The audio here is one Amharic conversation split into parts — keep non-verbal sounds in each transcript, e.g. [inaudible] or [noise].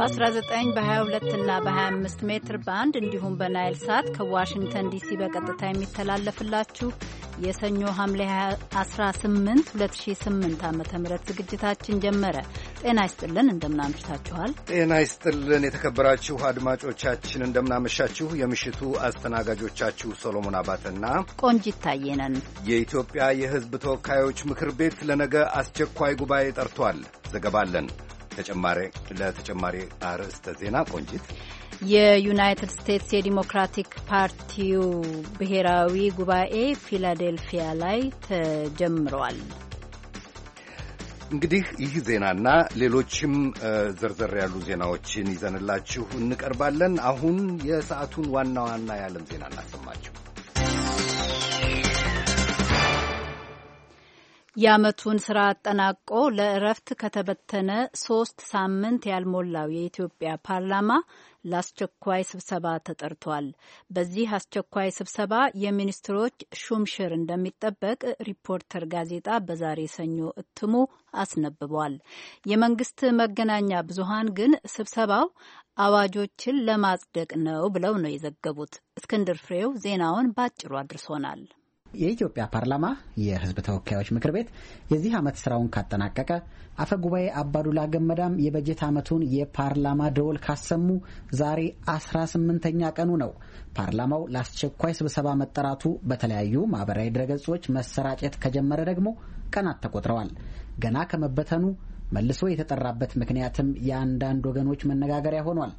በ19 በ22 እና በ25 ሜትር ባንድ እንዲሁም በናይል ሳት ከዋሽንግተን ዲሲ በቀጥታ የሚተላለፍላችሁ የሰኞ ሐምሌ 18 2008 ዓ ም ዝግጅታችን ጀመረ። ጤና ይስጥልን፣ እንደምናምሽታችኋል። ጤና ይስጥልን የተከበራችሁ አድማጮቻችን፣ እንደምናመሻችሁ። የምሽቱ አስተናጋጆቻችሁ ሶሎሞን አባተና ቆንጂት ታየ ነን። የኢትዮጵያ የሕዝብ ተወካዮች ምክር ቤት ለነገ አስቸኳይ ጉባኤ ጠርቷል። ዘገባለን ለተጨማሪ አርዕስተ ዜና ቆንጂት። የዩናይትድ ስቴትስ የዲሞክራቲክ ፓርቲው ብሔራዊ ጉባኤ ፊላዴልፊያ ላይ ተጀምረዋል። እንግዲህ ይህ ዜናና ሌሎችም ዘርዘር ያሉ ዜናዎችን ይዘንላችሁ እንቀርባለን። አሁን የሰዓቱን ዋና ዋና የዓለም ዜና እናሰማችሁ። የዓመቱን ስራ አጠናቆ ለእረፍት ከተበተነ ሶስት ሳምንት ያልሞላው የኢትዮጵያ ፓርላማ ለአስቸኳይ ስብሰባ ተጠርቷል። በዚህ አስቸኳይ ስብሰባ የሚኒስትሮች ሹምሽር እንደሚጠበቅ ሪፖርተር ጋዜጣ በዛሬ ሰኞ እትሙ አስነብቧል። የመንግስት መገናኛ ብዙሃን ግን ስብሰባው አዋጆችን ለማጽደቅ ነው ብለው ነው የዘገቡት። እስክንድር ፍሬው ዜናውን በአጭሩ አድርሶናል። የኢትዮጵያ ፓርላማ የሕዝብ ተወካዮች ምክር ቤት የዚህ ዓመት ስራውን ካጠናቀቀ አፈ ጉባኤ አባዱላ ገመዳም የበጀት ዓመቱን የፓርላማ ደወል ካሰሙ ዛሬ አስራ ስምንተኛ ቀኑ ነው። ፓርላማው ለአስቸኳይ ስብሰባ መጠራቱ በተለያዩ ማህበራዊ ድረገጾች መሰራጨት ከጀመረ ደግሞ ቀናት ተቆጥረዋል። ገና ከመበተኑ መልሶ የተጠራበት ምክንያትም የአንዳንድ ወገኖች መነጋገሪያ ሆኗል።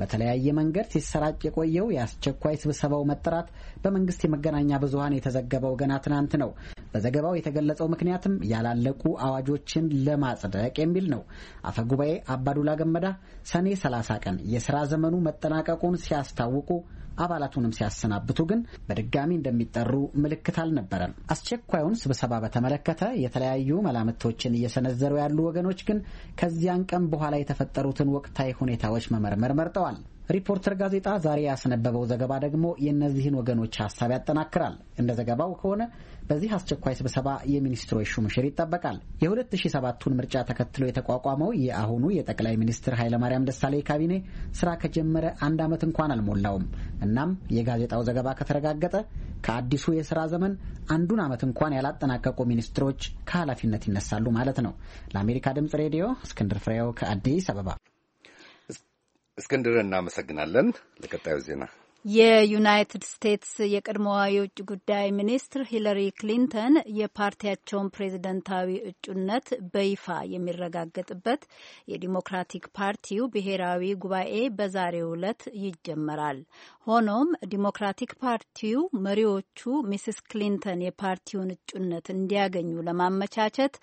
በተለያየ መንገድ ሲሰራጭ የቆየው የአስቸኳይ ስብሰባው መጠራት በመንግስት የመገናኛ ብዙኃን የተዘገበው ገና ትናንት ነው። በዘገባው የተገለጸው ምክንያትም ያላለቁ አዋጆችን ለማጽደቅ የሚል ነው። አፈ ጉባኤ አባዱላ ገመዳ ሰኔ 30 ቀን የስራ ዘመኑ መጠናቀቁን ሲያስታውቁ አባላቱንም ሲያሰናብቱ ግን በድጋሚ እንደሚጠሩ ምልክት አልነበረም። አስቸኳዩን ስብሰባ በተመለከተ የተለያዩ መላምቶችን እየሰነዘሩ ያሉ ወገኖች ግን ከዚያን ቀን በኋላ የተፈጠሩትን ወቅታዊ ሁኔታዎች መመርመር መርጠዋል። ሪፖርተር ጋዜጣ ዛሬ ያስነበበው ዘገባ ደግሞ የእነዚህን ወገኖች ሀሳብ ያጠናክራል። እንደ ዘገባው ከሆነ በዚህ አስቸኳይ ስብሰባ የሚኒስትሮች ሹምሽር ይጠበቃል። የ2007ቱን ምርጫ ተከትሎ የተቋቋመው የአሁኑ የጠቅላይ ሚኒስትር ኃይለማርያም ደሳለኝ ካቢኔ ስራ ከጀመረ አንድ ዓመት እንኳን አልሞላውም። እናም የጋዜጣው ዘገባ ከተረጋገጠ ከአዲሱ የስራ ዘመን አንዱን ዓመት እንኳን ያላጠናቀቁ ሚኒስትሮች ከኃላፊነት ይነሳሉ ማለት ነው። ለአሜሪካ ድምጽ ሬዲዮ እስክንድር ፍሬው ከአዲስ አበባ እስክንድር እናመሰግናለን። ለቀጣዩ ዜና የዩናይትድ ስቴትስ የቀድሞዋ የውጭ ጉዳይ ሚኒስትር ሂለሪ ክሊንተን የፓርቲያቸውን ፕሬዝደንታዊ እጩነት በይፋ የሚረጋገጥበት የዲሞክራቲክ ፓርቲው ብሔራዊ ጉባኤ በዛሬው ዕለት ይጀመራል። ሆኖም ዲሞክራቲክ ፓርቲው መሪዎቹ ሚስስ ክሊንተን የፓርቲውን እጩነት እንዲያገኙ ለማመቻቸት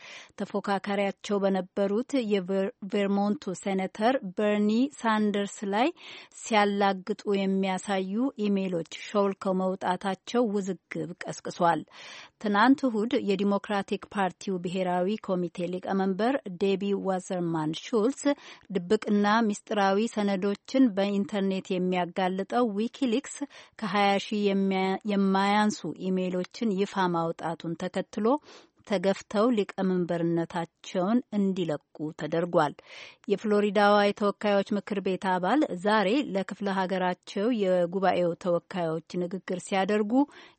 ተፎካካሪያቸው በነበሩት የቬርሞንቱ ሴኔተር በርኒ ሳንደርስ ላይ ሲያላግጡ የሚያሳዩ የተለያዩ ኢሜሎች ሾልከው መውጣታቸው ውዝግብ ቀስቅሷል። ትናንት እሁድ የዲሞክራቲክ ፓርቲው ብሔራዊ ኮሚቴ ሊቀመንበር ዴቢ ዋዘርማን ሹልስ ድብቅና ሚስጥራዊ ሰነዶችን በኢንተርኔት የሚያጋልጠው ዊኪሊክስ ከ20 ሺህ የማያንሱ ኢሜሎችን ይፋ ማውጣቱን ተከትሎ ተገፍተው ሊቀመንበርነታቸውን እንዲለቁ ተደርጓል። የፍሎሪዳዋ የተወካዮች ምክር ቤት አባል ዛሬ ለክፍለ ሀገራቸው የጉባኤው ተወካዮች ንግግር ሲያደርጉ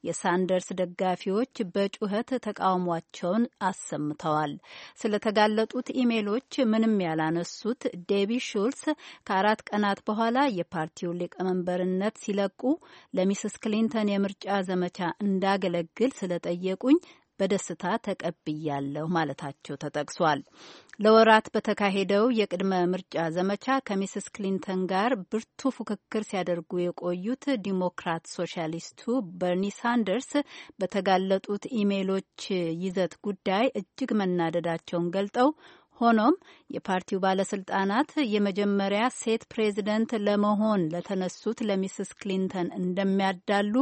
የሳንደርስ ደጋፊዎች በጩኸት ተቃውሟቸውን አሰምተዋል። ስለተጋለጡት ኢሜሎች ምንም ያላነሱት ዴቢ ሹልስ ከአራት ቀናት በኋላ የፓርቲውን ሊቀመንበርነት ሲለቁ ለሚስስ ክሊንተን የምርጫ ዘመቻ እንዳገለግል ስለጠየቁኝ በደስታ ተቀብያለሁ ማለታቸው ተጠቅሷል። ለወራት በተካሄደው የቅድመ ምርጫ ዘመቻ ከሚስስ ክሊንተን ጋር ብርቱ ፉክክር ሲያደርጉ የቆዩት ዲሞክራት ሶሻሊስቱ በርኒ ሳንደርስ በተጋለጡት ኢሜሎች ይዘት ጉዳይ እጅግ መናደዳቸውን ገልጠው ሆኖም የፓርቲው ባለስልጣናት የመጀመሪያ ሴት ፕሬዚደንት ለመሆን ለተነሱት ለሚስስ ክሊንተን እንደሚያዳሉ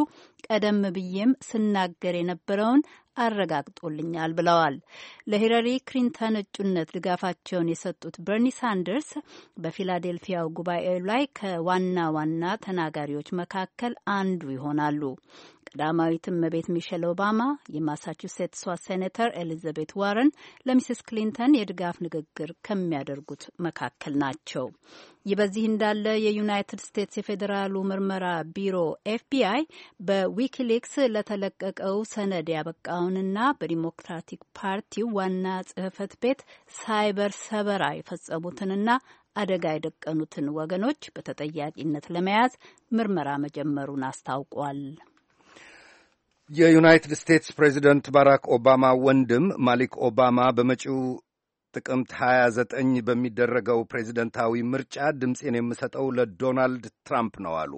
ቀደም ብዬም ስናገር የነበረውን አረጋግጦልኛል ብለዋል። ለሂለሪ ክሊንተን እጩነት ድጋፋቸውን የሰጡት በርኒ ሳንደርስ በፊላዴልፊያው ጉባኤ ላይ ከዋና ዋና ተናጋሪዎች መካከል አንዱ ይሆናሉ። ቀዳማዊት እመቤት ሚሼል ኦባማ፣ የማሳቹሴትሷ ሴኔተር ኤሊዛቤት ዋረን ለሚስስ ክሊንተን የድጋፍ ንግግር ከሚያደርጉት መካከል ናቸው። ይህ በዚህ እንዳለ የዩናይትድ ስቴትስ የፌዴራሉ ምርመራ ቢሮ ኤፍቢአይ በዊኪሊክስ ለተለቀቀው ሰነድ ያበቃውንና በዲሞክራቲክ ፓርቲው ዋና ጽህፈት ቤት ሳይበር ሰበራ የፈጸሙትንና አደጋ የደቀኑትን ወገኖች በተጠያቂነት ለመያዝ ምርመራ መጀመሩን አስታውቋል። የዩናይትድ ስቴትስ ፕሬዚደንት ባራክ ኦባማ ወንድም ማሊክ ኦባማ በመጪው ጥቅምት 29 በሚደረገው ፕሬዚደንታዊ ምርጫ ድምፄን የምሰጠው ለዶናልድ ትራምፕ ነው አሉ።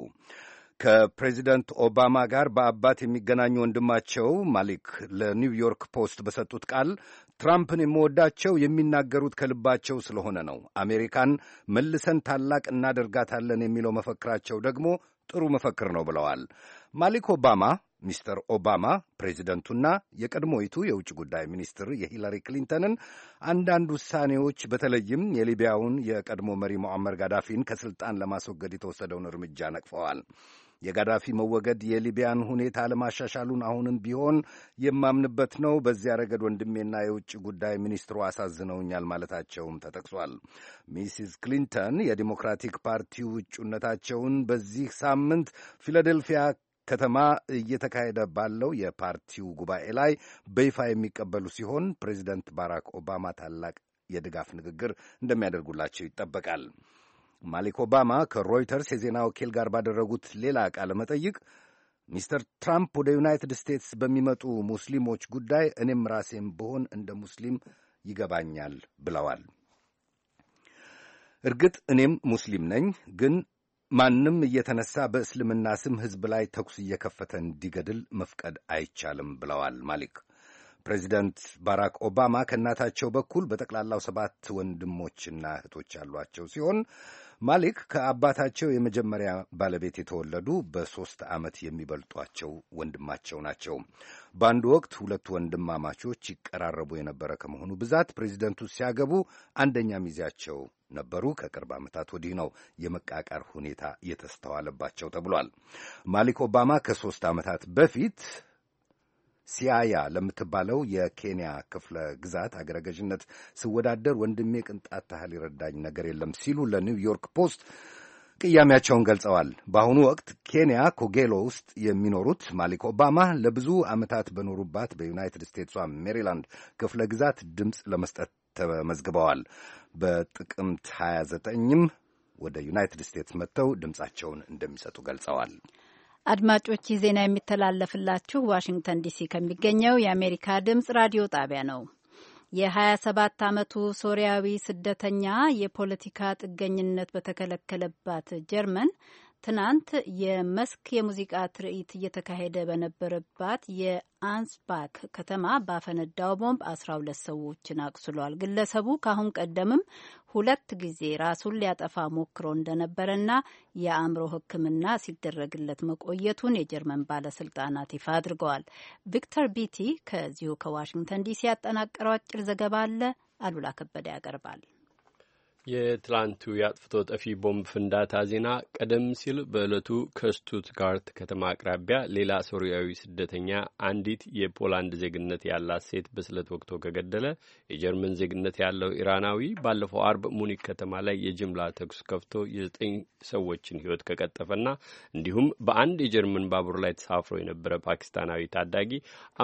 ከፕሬዚደንት ኦባማ ጋር በአባት የሚገናኙ ወንድማቸው ማሊክ ለኒውዮርክ ፖስት በሰጡት ቃል ትራምፕን የምወዳቸው የሚናገሩት ከልባቸው ስለሆነ ነው። አሜሪካን መልሰን ታላቅ እናደርጋታለን የሚለው መፈክራቸው ደግሞ ጥሩ መፈክር ነው ብለዋል። ማሊክ ኦባማ ሚስተር ኦባማ ፕሬዚደንቱና የቀድሞይቱ የውጭ ጉዳይ ሚኒስትር የሂላሪ ክሊንተንን አንዳንድ ውሳኔዎች በተለይም የሊቢያውን የቀድሞ መሪ ሞአመር ጋዳፊን ከስልጣን ለማስወገድ የተወሰደውን እርምጃ ነቅፈዋል። የጋዳፊ መወገድ የሊቢያን ሁኔታ ለማሻሻሉን አሁንም ቢሆን የማምንበት ነው። በዚያ ረገድ ወንድሜና የውጭ ጉዳይ ሚኒስትሩ አሳዝነውኛል ማለታቸውም ተጠቅሷል። ሚስስ ክሊንተን የዲሞክራቲክ ፓርቲ እጩነታቸውን በዚህ ሳምንት ፊላዴልፊያ ከተማ እየተካሄደ ባለው የፓርቲው ጉባኤ ላይ በይፋ የሚቀበሉ ሲሆን ፕሬዚደንት ባራክ ኦባማ ታላቅ የድጋፍ ንግግር እንደሚያደርጉላቸው ይጠበቃል። ማሊክ ኦባማ ከሮይተርስ የዜና ወኪል ጋር ባደረጉት ሌላ ቃለ መጠይቅ ሚስተር ትራምፕ ወደ ዩናይትድ ስቴትስ በሚመጡ ሙስሊሞች ጉዳይ እኔም ራሴም ብሆን እንደ ሙስሊም ይገባኛል ብለዋል። እርግጥ እኔም ሙስሊም ነኝ፣ ግን ማንም እየተነሳ በእስልምና ስም ሕዝብ ላይ ተኩስ እየከፈተ እንዲገድል መፍቀድ አይቻልም ብለዋል ማሊክ። ፕሬዚደንት ባራክ ኦባማ ከእናታቸው በኩል በጠቅላላው ሰባት ወንድሞችና እህቶች ያሏቸው ሲሆን ማሊክ ከአባታቸው የመጀመሪያ ባለቤት የተወለዱ በሦስት ዓመት የሚበልጧቸው ወንድማቸው ናቸው። በአንድ ወቅት ሁለቱ ወንድማማቾች ይቀራረቡ የነበረ ከመሆኑ ብዛት ፕሬዚደንቱ ሲያገቡ አንደኛ ሚዜያቸው ነበሩ። ከቅርብ ዓመታት ወዲህ ነው የመቃቀር ሁኔታ የተስተዋለባቸው ተብሏል። ማሊክ ኦባማ ከሦስት ዓመታት በፊት ሲያያ ለምትባለው የኬንያ ክፍለ ግዛት አገረ ገዥነት ስወዳደር ወንድሜ ቅንጣት ታህል ይረዳኝ ነገር የለም ሲሉ ለኒውዮርክ ፖስት ቅያሜያቸውን ገልጸዋል። በአሁኑ ወቅት ኬንያ ኮጌሎ ውስጥ የሚኖሩት ማሊክ ኦባማ ለብዙ ዓመታት በኖሩባት በዩናይትድ ስቴትሷ ሜሪላንድ ክፍለ ግዛት ድምፅ ለመስጠት ተመዝግበዋል። በጥቅምት 29ም ወደ ዩናይትድ ስቴትስ መጥተው ድምፃቸውን እንደሚሰጡ ገልጸዋል። አድማጮች ይህ ዜና የሚተላለፍላችሁ ዋሽንግተን ዲሲ ከሚገኘው የአሜሪካ ድምፅ ራዲዮ ጣቢያ ነው። የ27 ዓመቱ ሶሪያዊ ስደተኛ የፖለቲካ ጥገኝነት በተከለከለባት ጀርመን ትናንት የመስክ የሙዚቃ ትርኢት እየተካሄደ በነበረባት የአንስባክ ከተማ ባፈነዳው ቦምብ ሁለት ሰዎችን አቁስሏል። ግለሰቡ ከአሁን ቀደምም ሁለት ጊዜ ራሱን ሊያጠፋ ሞክሮ እንደነበረና የአእምሮ ሕክምና ሲደረግለት መቆየቱን የጀርመን ባለስልጣናት ይፋ አድርገዋል። ቪክተር ቢቲ ከዚሁ ከዋሽንግተን ዲሲ ያጠናቀረው አጭር ዘገባ አለ። አሉላ ከበደ ያቀርባል። የትላንቱ የአጥፍቶ ጠፊ ቦምብ ፍንዳታ ዜና ቀደም ሲል በዕለቱ ከስቱትጋርት ከተማ አቅራቢያ ሌላ ሶሪያዊ ስደተኛ አንዲት የፖላንድ ዜግነት ያላት ሴት በስለት ወቅቶ ከገደለ የጀርመን ዜግነት ያለው ኢራናዊ ባለፈው አርብ ሙኒክ ከተማ ላይ የጅምላ ተኩስ ከፍቶ የዘጠኝ ሰዎችን ሕይወት ከቀጠፈና እንዲሁም በአንድ የጀርመን ባቡር ላይ ተሳፍሮ የነበረ ፓኪስታናዊ ታዳጊ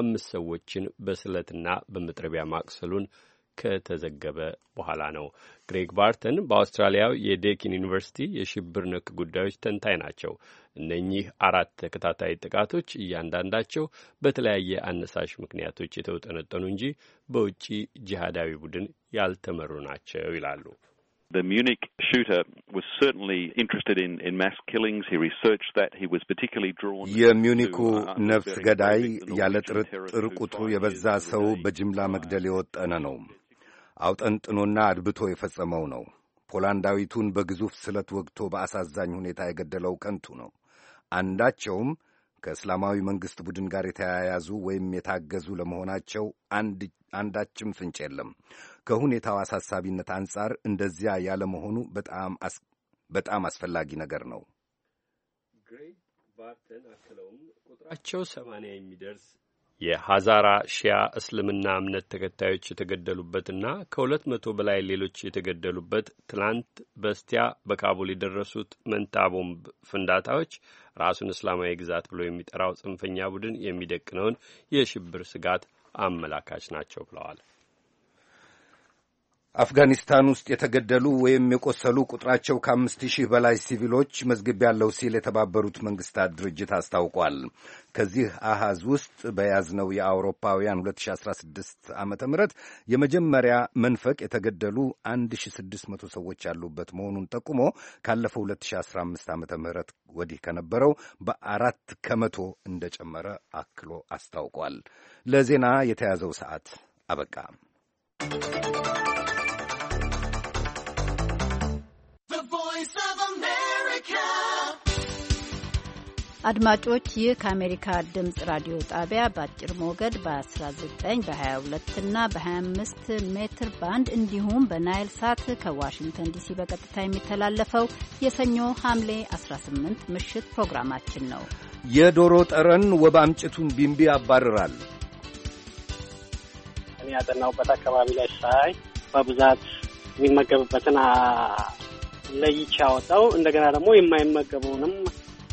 አምስት ሰዎችን በስለትና በመጥረቢያ ማቅሰሉን ። ከተዘገበ በኋላ ነው። ግሬግ ባርተን በአውስትራሊያው የዴኪን ዩኒቨርሲቲ የሽብር ነክ ጉዳዮች ተንታኝ ናቸው። እነኚህ አራት ተከታታይ ጥቃቶች እያንዳንዳቸው በተለያየ አነሳሽ ምክንያቶች የተውጠነጠኑ እንጂ በውጪ ጂሃዳዊ ቡድን ያልተመሩ ናቸው ይላሉ። The Munich shooter was certainly interested in, in mass killings. He researched that. He was particularly drawn የሚዩኒኩ ነፍስ ገዳይ ያለ ጥርጥር ቁጥሩ የበዛ ሰው በጅምላ መግደል የወጠነ ነው። አውጠንጥኖና አድብቶ የፈጸመው ነው። ፖላንዳዊቱን በግዙፍ ስለት ወግቶ በአሳዛኝ ሁኔታ የገደለው ከንቱ ነው። አንዳቸውም ከእስላማዊ መንግሥት ቡድን ጋር የተያያዙ ወይም የታገዙ ለመሆናቸው አንዳችም ፍንጭ የለም። ከሁኔታው አሳሳቢነት አንጻር እንደዚያ ያለመሆኑ በጣም አስፈላጊ ነገር ነው። ግሬግ ባርተን አክለውም ቁጥራቸው ሰማንያ የሚደርስ የሐዛራ ሺያ እስልምና እምነት ተከታዮች የተገደሉበትና ከሁለት መቶ በላይ ሌሎች የተገደሉበት ትላንት በስቲያ በካቡል የደረሱት መንታ ቦምብ ፍንዳታዎች ራሱን እስላማዊ ግዛት ብሎ የሚጠራው ጽንፈኛ ቡድን የሚደቅነውን የሽብር ስጋት አመላካች ናቸው ብለዋል። አፍጋኒስታን ውስጥ የተገደሉ ወይም የቆሰሉ ቁጥራቸው ከአምስት ሺህ በላይ ሲቪሎች መዝግብ ያለው ሲል የተባበሩት መንግስታት ድርጅት አስታውቋል። ከዚህ አሃዝ ውስጥ በያዝነው የአውሮፓውያን 2016 ዓ ም የመጀመሪያ መንፈቅ የተገደሉ 1600 ሰዎች ያሉበት መሆኑን ጠቁሞ ካለፈው 2015 ዓ ም ወዲህ ከነበረው በአራት ከመቶ እንደጨመረ አክሎ አስታውቋል። ለዜና የተያዘው ሰዓት አበቃ። አድማጮች ይህ ከአሜሪካ ድምፅ ራዲዮ ጣቢያ በአጭር ሞገድ በ19 በ22 እና በ25 ሜትር ባንድ እንዲሁም በናይል ሳት ከዋሽንግተን ዲሲ በቀጥታ የሚተላለፈው የሰኞ ሐምሌ 18 ምሽት ፕሮግራማችን ነው። የዶሮ ጠረን ወባ አምጪቱን ቢንቢ ያባርራል። እኔ ያጠናሁበት አካባቢ ላይ ሳይ በብዛት የሚመገብበትን ለይቻ ወጣው እንደገና ደግሞ የማይመገበውንም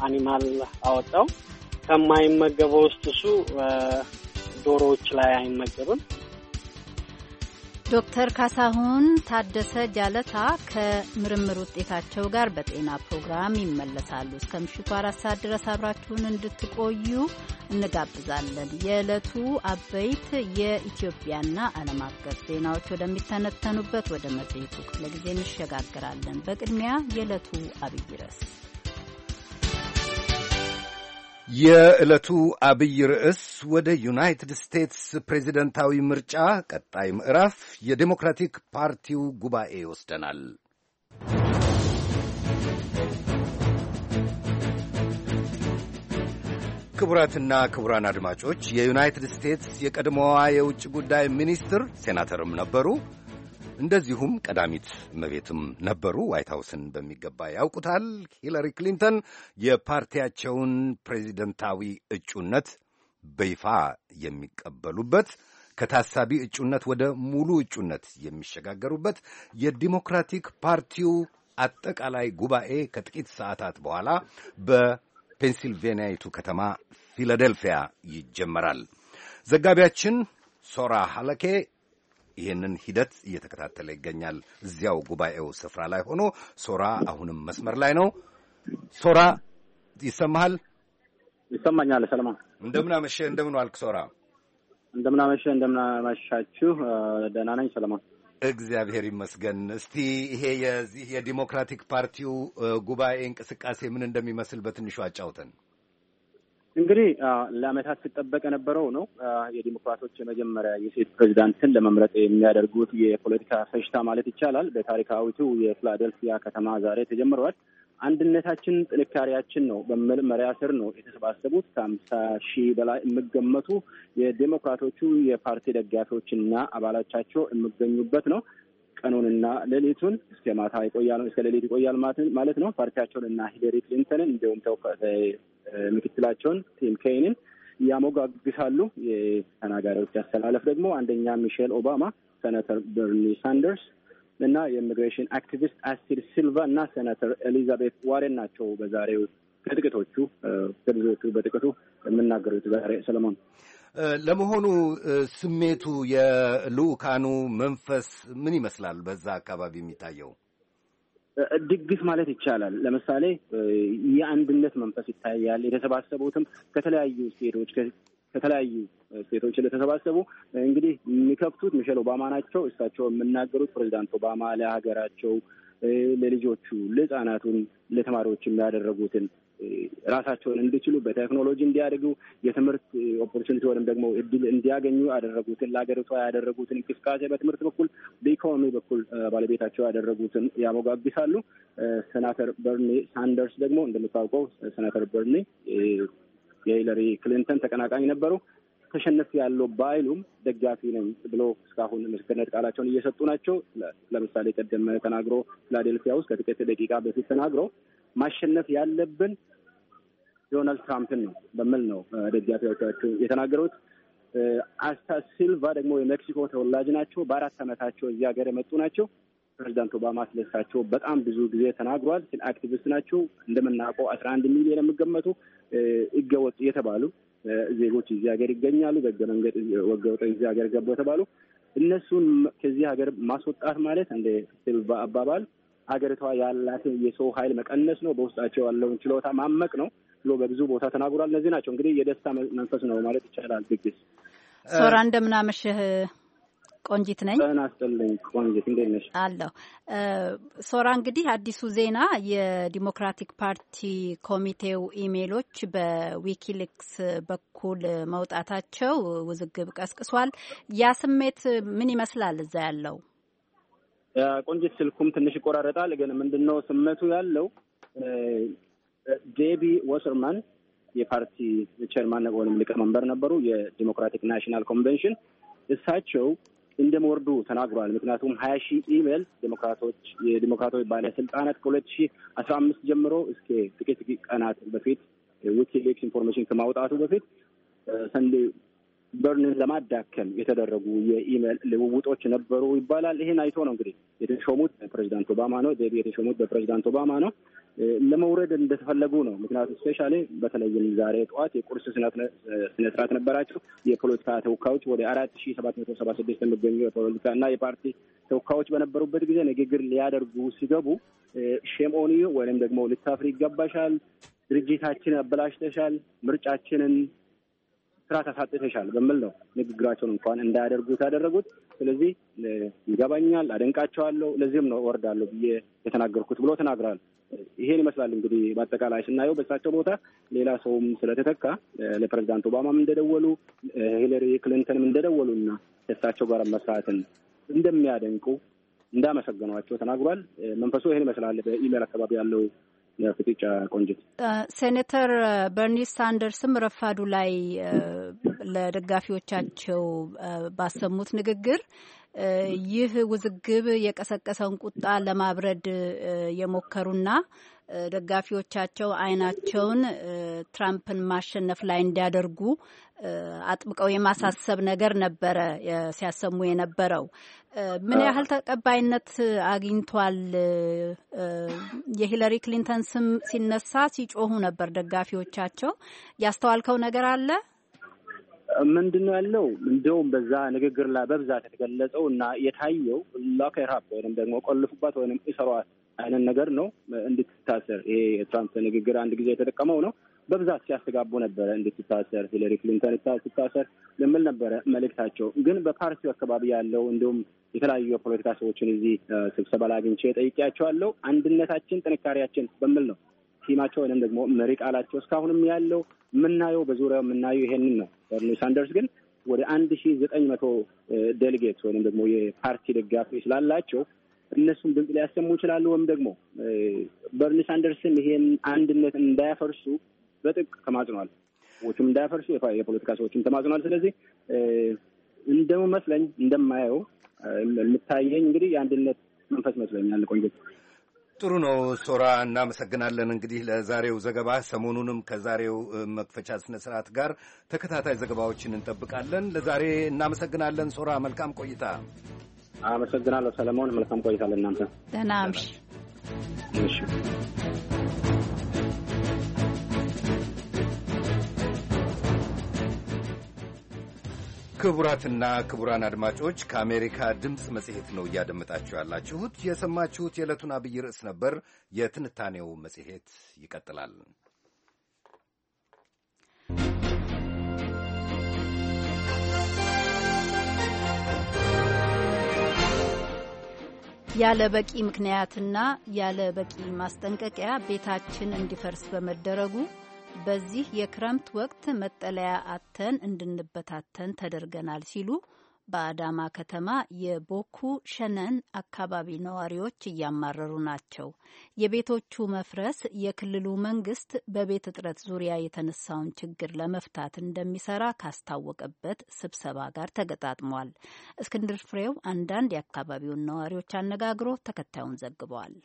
አኒማል አወጣው። ከማይመገበው ውስጥ እሱ ዶሮዎች ላይ አይመገብም። ዶክተር ካሳሁን ታደሰ ጃለታ ከምርምር ውጤታቸው ጋር በጤና ፕሮግራም ይመለሳሉ። እስከ ምሽቱ አራት ሰዓት ድረስ አብራችሁን እንድትቆዩ እንጋብዛለን። የዕለቱ አበይት የኢትዮጵያና ዓለም አቀፍ ዜናዎች ወደሚተነተኑበት ወደ መጽሔቱ ክፍለ ጊዜ እንሸጋግራለን። በቅድሚያ የዕለቱ አብይ ርዕስ የዕለቱ አብይ ርዕስ ወደ ዩናይትድ ስቴትስ ፕሬዚደንታዊ ምርጫ ቀጣይ ምዕራፍ የዴሞክራቲክ ፓርቲው ጉባኤ ይወስደናል። ክቡራትና ክቡራን አድማጮች የዩናይትድ ስቴትስ የቀድሞዋ የውጭ ጉዳይ ሚኒስትር ሴናተርም ነበሩ እንደዚሁም ቀዳሚት እመቤትም ነበሩ። ዋይት ሀውስን በሚገባ ያውቁታል። ሂለሪ ክሊንተን የፓርቲያቸውን ፕሬዚደንታዊ እጩነት በይፋ የሚቀበሉበት ከታሳቢ እጩነት ወደ ሙሉ እጩነት የሚሸጋገሩበት የዲሞክራቲክ ፓርቲው አጠቃላይ ጉባኤ ከጥቂት ሰዓታት በኋላ በፔንሲልቬንያዊቱ ከተማ ፊላዴልፊያ ይጀመራል። ዘጋቢያችን ሶራ ሀለኬ ይህንን ሂደት እየተከታተለ ይገኛል። እዚያው ጉባኤው ስፍራ ላይ ሆኖ ሶራ አሁንም መስመር ላይ ነው። ሶራ ይሰማሃል? ይሰማኛል። ሰለማ እንደምን እንደምን ዋልክ? ሶራ እንደምን እንደምናመሻችሁ እንደምን አመሻችሁ? ደህና ነኝ ሰለሞን፣ እግዚአብሔር ይመስገን። እስቲ ይሄ የዚህ የዲሞክራቲክ ፓርቲው ጉባኤ እንቅስቃሴ ምን እንደሚመስል በትንሹ አጫውተን እንግዲህ ለአመታት ሲጠበቅ የነበረው ነው። የዲሞክራቶች የመጀመሪያ የሴት ፕሬዚዳንትን ለመምረጥ የሚያደርጉት የፖለቲካ ፈሽታ ማለት ይቻላል በታሪካዊቱ የፊላደልፊያ ከተማ ዛሬ ተጀምረዋል። አንድነታችን ጥንካሬያችን ነው በሚል መሪያ ስር ነው የተሰባሰቡት ከአምሳ ሺህ በላይ የሚገመቱ የዴሞክራቶቹ የፓርቲ ደጋፊዎችና አባላቻቸው የሚገኙበት ነው። ቀኑንና ሌሊቱን እስከ ማታ ይቆያል፣ እስከ ሌሊት ይቆያል ማለት ነው። ፓርቲያቸውን እና ሂለሪ ክሊንተንን እንዲሁም ምክትላቸውን ቲም ኬይንን ያሞጋግሳሉ። የተናጋሪዎች አስተላለፍ ደግሞ አንደኛ ሚሼል ኦባማ፣ ሴናተር በርኒ ሳንደርስ እና የኢሚግሬሽን አክቲቪስት አስቲድ ሲልቫ እና ሴናተር ኤሊዛቤት ዋሬን ናቸው። በዛሬው ከጥቂቶቹ ከብዙዎቹ በጥቂቱ የምናገሩት ዛሬ ሰለሞን ለመሆኑ ስሜቱ የልዑካኑ መንፈስ ምን ይመስላል? በዛ አካባቢ የሚታየው ድግስ ማለት ይቻላል። ለምሳሌ የአንድነት መንፈስ ይታያል። የተሰባሰቡትም ከተለያዩ ስቴቶች ከተለያዩ ስቴቶች ለተሰባሰቡ እንግዲህ የሚከፍቱት ሚሸል ኦባማ ናቸው። እሳቸው የሚናገሩት ፕሬዚዳንት ኦባማ ለሀገራቸው፣ ለልጆቹ፣ ለህጻናቱን፣ ለተማሪዎች የሚያደረጉትን ራሳቸውን እንዲችሉ በቴክኖሎጂ እንዲያድጉ የትምህርት ኦፖርቹኒቲ ወይም ደግሞ እድል እንዲያገኙ ያደረጉትን ለሀገሪቷ ያደረጉትን እንቅስቃሴ በትምህርት በኩል በኢኮኖሚ በኩል ባለቤታቸው ያደረጉትን ያሞጋግሳሉ። ሴናተር በርኒ ሳንደርስ ደግሞ እንደምታውቀው ሴናተር በርኒ የሂለሪ ክሊንተን ተቀናቃኝ ነበሩ። ተሸነፍ ያለው ባይሉም ደጋፊ ነኝ ብሎ እስካሁን ምስክርነት ቃላቸውን እየሰጡ ናቸው። ለምሳሌ ቀደም ተናግሮ ፊላዴልፊያ ውስጥ ከጥቂት ደቂቃ በፊት ተናግሮ ማሸነፍ ያለብን ዶናልድ ትራምፕን ነው በሚል ነው ደጋፊዎቻቸው የተናገሩት። አስታ ሲልቫ ደግሞ የሜክሲኮ ተወላጅ ናቸው። በአራት ዓመታቸው እዚህ ሀገር የመጡ ናቸው። ፕሬዚዳንት ኦባማ ስለሳቸው በጣም ብዙ ጊዜ ተናግሯል። ስለ አክቲቪስት ናቸው። እንደምናውቀው አስራ አንድ ሚሊዮን የሚገመቱ ህገወጥ የተባሉ ዜጎች እዚህ ሀገር ይገኛሉ። በህገ መንገድ ወገወጠ እዚህ ሀገር ገቡ የተባሉ እነሱን ከዚህ ሀገር ማስወጣት ማለት እንደ ሲልቫ አባባል ሀገሪቷ ያላትን የሰው ኃይል መቀነስ ነው፣ በውስጣቸው ያለውን ችሎታ ማመቅ ነው ብሎ በብዙ ቦታ ተናግሯል። እነዚህ ናቸው እንግዲህ የደስታ መንፈስ ነው ማለት ይቻላል። ድግስ ሶራ እንደምናመሽህ ቆንጂት ነኝ። ናስጠልኝ ቆንጂት፣ እንዴት ነሽ? አለሁ ሶራ። እንግዲህ አዲሱ ዜና የዲሞክራቲክ ፓርቲ ኮሚቴው ኢሜሎች በዊኪሊክስ በኩል መውጣታቸው ውዝግብ ቀስቅሷል። ያ ስሜት ምን ይመስላል? እዛ ያለው ቆንጆች ስልኩም ትንሽ ይቆራረጣል። ግን ምንድነው ስመቱ ያለው ዴቢ ወሰርማን የፓርቲ ቸርማን ወይም ሊቀመንበር ነበሩ የዲሞክራቲክ ናሽናል ኮንቬንሽን። እሳቸው እንደሚወርዱ ተናግሯል። ምክንያቱም ሀያ ሺህ ኢሜል ዴሞክራቶች የዲሞክራቶች ባለስልጣናት ከሁለት ሺህ አስራ አምስት ጀምሮ እስከ ጥቂት ቀናት በፊት ዊኪሊክስ ኢንፎርሜሽን ከማውጣቱ በፊት ሰንዴ በርንን ለማዳከም የተደረጉ የኢሜል ልውውጦች ነበሩ ይባላል። ይህን አይቶ ነው እንግዲህ የተሾሙት ፕሬዚዳንት ኦባማ ነው። ዴቢ የተሾሙት በፕሬዚዳንት ኦባማ ነው። ለመውረድ እንደተፈለጉ ነው። ምክንያቱም ስፔሻሊ በተለይም ዛሬ ጠዋት የቁርስ ስነስርዓት ነበራቸው። የፖለቲካ ተወካዮች ወደ አራት ሺ ሰባት መቶ ሰባ ስድስት የሚገኙ የፖለቲካ እና የፓርቲ ተወካዮች በነበሩበት ጊዜ ንግግር ሊያደርጉ ሲገቡ ሼምኦኒ ወይም ደግሞ ልታፍር ይገባሻል፣ ድርጅታችን አበላሽተሻል፣ ምርጫችንን ስራ ታሳጥተሻል በሚል ነው ንግግራቸውን እንኳን እንዳያደርጉ ያደረጉት። ስለዚህ ይገባኛል፣ አደንቃቸዋለሁ። ለዚህም ነው ወርዳለሁ ብዬ የተናገርኩት ብሎ ተናግራል። ይሄን ይመስላል እንግዲህ በአጠቃላይ ስናየው በሳቸው ቦታ ሌላ ሰውም ስለተተካ ለፕሬዚዳንት ኦባማም እንደደወሉ ሂለሪ ክሊንተንም እንደደወሉ እና ከእሳቸው ጋር መስራትን እንደሚያደንቁ እንዳመሰገኗቸው ተናግሯል። መንፈሱ ይህን ይመስላል። በኢሜል አካባቢ ያለው የፍጥጫ ቆንጅት። ሴኔተር በርኒ ሳንደርስም ረፋዱ ላይ ለደጋፊዎቻቸው ባሰሙት ንግግር ይህ ውዝግብ የቀሰቀሰውን ቁጣ ለማብረድ የሞከሩና ደጋፊዎቻቸው አይናቸውን ትራምፕን ማሸነፍ ላይ እንዲያደርጉ አጥብቀው የማሳሰብ ነገር ነበረ ሲያሰሙ የነበረው። ምን ያህል ተቀባይነት አግኝቷል? የሂለሪ ክሊንተን ስም ሲነሳ ሲጮሁ ነበር ደጋፊዎቻቸው። ያስተዋልከው ነገር አለ? ምንድን ነው ያለው? እንዲሁም በዛ ንግግር ላይ በብዛት የተገለጸው እና የታየው ላከራፕ ወይም ደግሞ ቆልፉባት ወይም እሰሯት አይነት ነገር ነው እንድትታሰር። ይሄ የትራምፕ ንግግር አንድ ጊዜ የተጠቀመው ነው። በብዛት ሲያስተጋቡ ነበረ፣ እንድትታሰር፣ ሂለሪ ክሊንተን ትታሰር ልምል ነበረ መልእክታቸው። ግን በፓርቲው አካባቢ ያለው እንዲሁም የተለያዩ የፖለቲካ ሰዎችን እዚህ ስብሰባ ላይ አግኝቼ ጠይቄያቸዋለሁ። አንድነታችን ጥንካሬያችን በሚል ነው ቲማቸው ወይም ደግሞ መሪ ቃላቸው እስካሁንም ያለው የምናየው በዙሪያው የምናየው ይሄንን ነው። በርኒ ሳንደርስ ግን ወደ አንድ ሺ ዘጠኝ መቶ ዴሊጌት ወይም ደግሞ የፓርቲ ደጋፊ ስላላቸው እነሱም ድምፅ ሊያሰሙ ይችላሉ። ወይም ደግሞ በርኒ ሳንደርስን ይሄን አንድነት እንዳያፈርሱ በጥብቅ ተማጽኗል። ሰዎቹም እንዳያፈርሱ የፖለቲካ ሰዎችም ተማጽኗል። ስለዚህ እንደሚመስለኝ እንደማየው የምታየኝ እንግዲህ የአንድነት መንፈስ መስለኛል ቆንጆ ጥሩ ነው ሶራ፣ እናመሰግናለን። እንግዲህ ለዛሬው ዘገባ ሰሞኑንም ከዛሬው መክፈቻ ስነ ስርዓት ጋር ተከታታይ ዘገባዎችን እንጠብቃለን። ለዛሬ እናመሰግናለን ሶራ፣ መልካም ቆይታ። አመሰግናለሁ ሰለሞን፣ መልካም ቆይታ ለእናንተ። ደህና እሺ። ክቡራትና ክቡራን አድማጮች ከአሜሪካ ድምፅ መጽሔት ነው እያደመጣችሁ ያላችሁት። የሰማችሁት የዕለቱን አብይ ርዕስ ነበር። የትንታኔው መጽሔት ይቀጥላል። ያለ በቂ ምክንያትና ያለ በቂ ማስጠንቀቂያ ቤታችን እንዲፈርስ በመደረጉ በዚህ የክረምት ወቅት መጠለያ አተን እንድንበታተን ተደርገናል ሲሉ በአዳማ ከተማ የቦኩ ሸነን አካባቢ ነዋሪዎች እያማረሩ ናቸው። የቤቶቹ መፍረስ የክልሉ መንግስት በቤት እጥረት ዙሪያ የተነሳውን ችግር ለመፍታት እንደሚሰራ ካስታወቀበት ስብሰባ ጋር ተገጣጥሟል። እስክንድር ፍሬው አንዳንድ የአካባቢውን ነዋሪዎች አነጋግሮ ተከታዩን ዘግበዋል።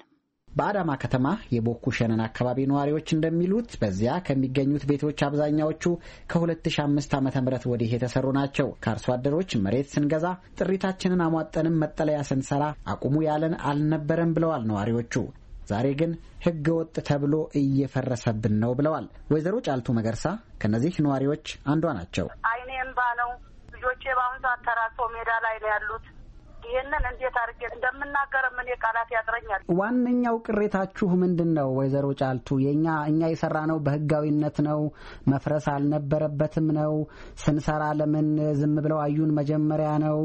በአዳማ ከተማ የቦኩ ሸነን አካባቢ ነዋሪዎች እንደሚሉት በዚያ ከሚገኙት ቤቶች አብዛኛዎቹ ከ2005 ዓ ም ወዲህ የተሰሩ ናቸው። ከአርሶ አደሮች መሬት ስንገዛ ጥሪታችንን አሟጠንም መጠለያ ስንሰራ አቁሙ ያለን አልነበረም ብለዋል ነዋሪዎቹ። ዛሬ ግን ሕገ ወጥ ተብሎ እየፈረሰብን ነው ብለዋል። ወይዘሮ ጫልቱ መገርሳ ከእነዚህ ነዋሪዎች አንዷ ናቸው። አይኔ እምባ ነው። ልጆቼ በአሁኑ ሰዓት ተራሶ ሜዳ ላይ ነው ያሉት ይህንን እንዴት አድርጌ እንደምናገር እኔ ቃላት ያጥረኛል። ዋነኛው ቅሬታችሁ ምንድን ነው ወይዘሮ ጫልቱ? የእኛ እኛ የሰራ ነው በህጋዊነት ነው መፍረስ አልነበረበትም ነው ስንሰራ ለምን ዝም ብለው አዩን መጀመሪያ ነው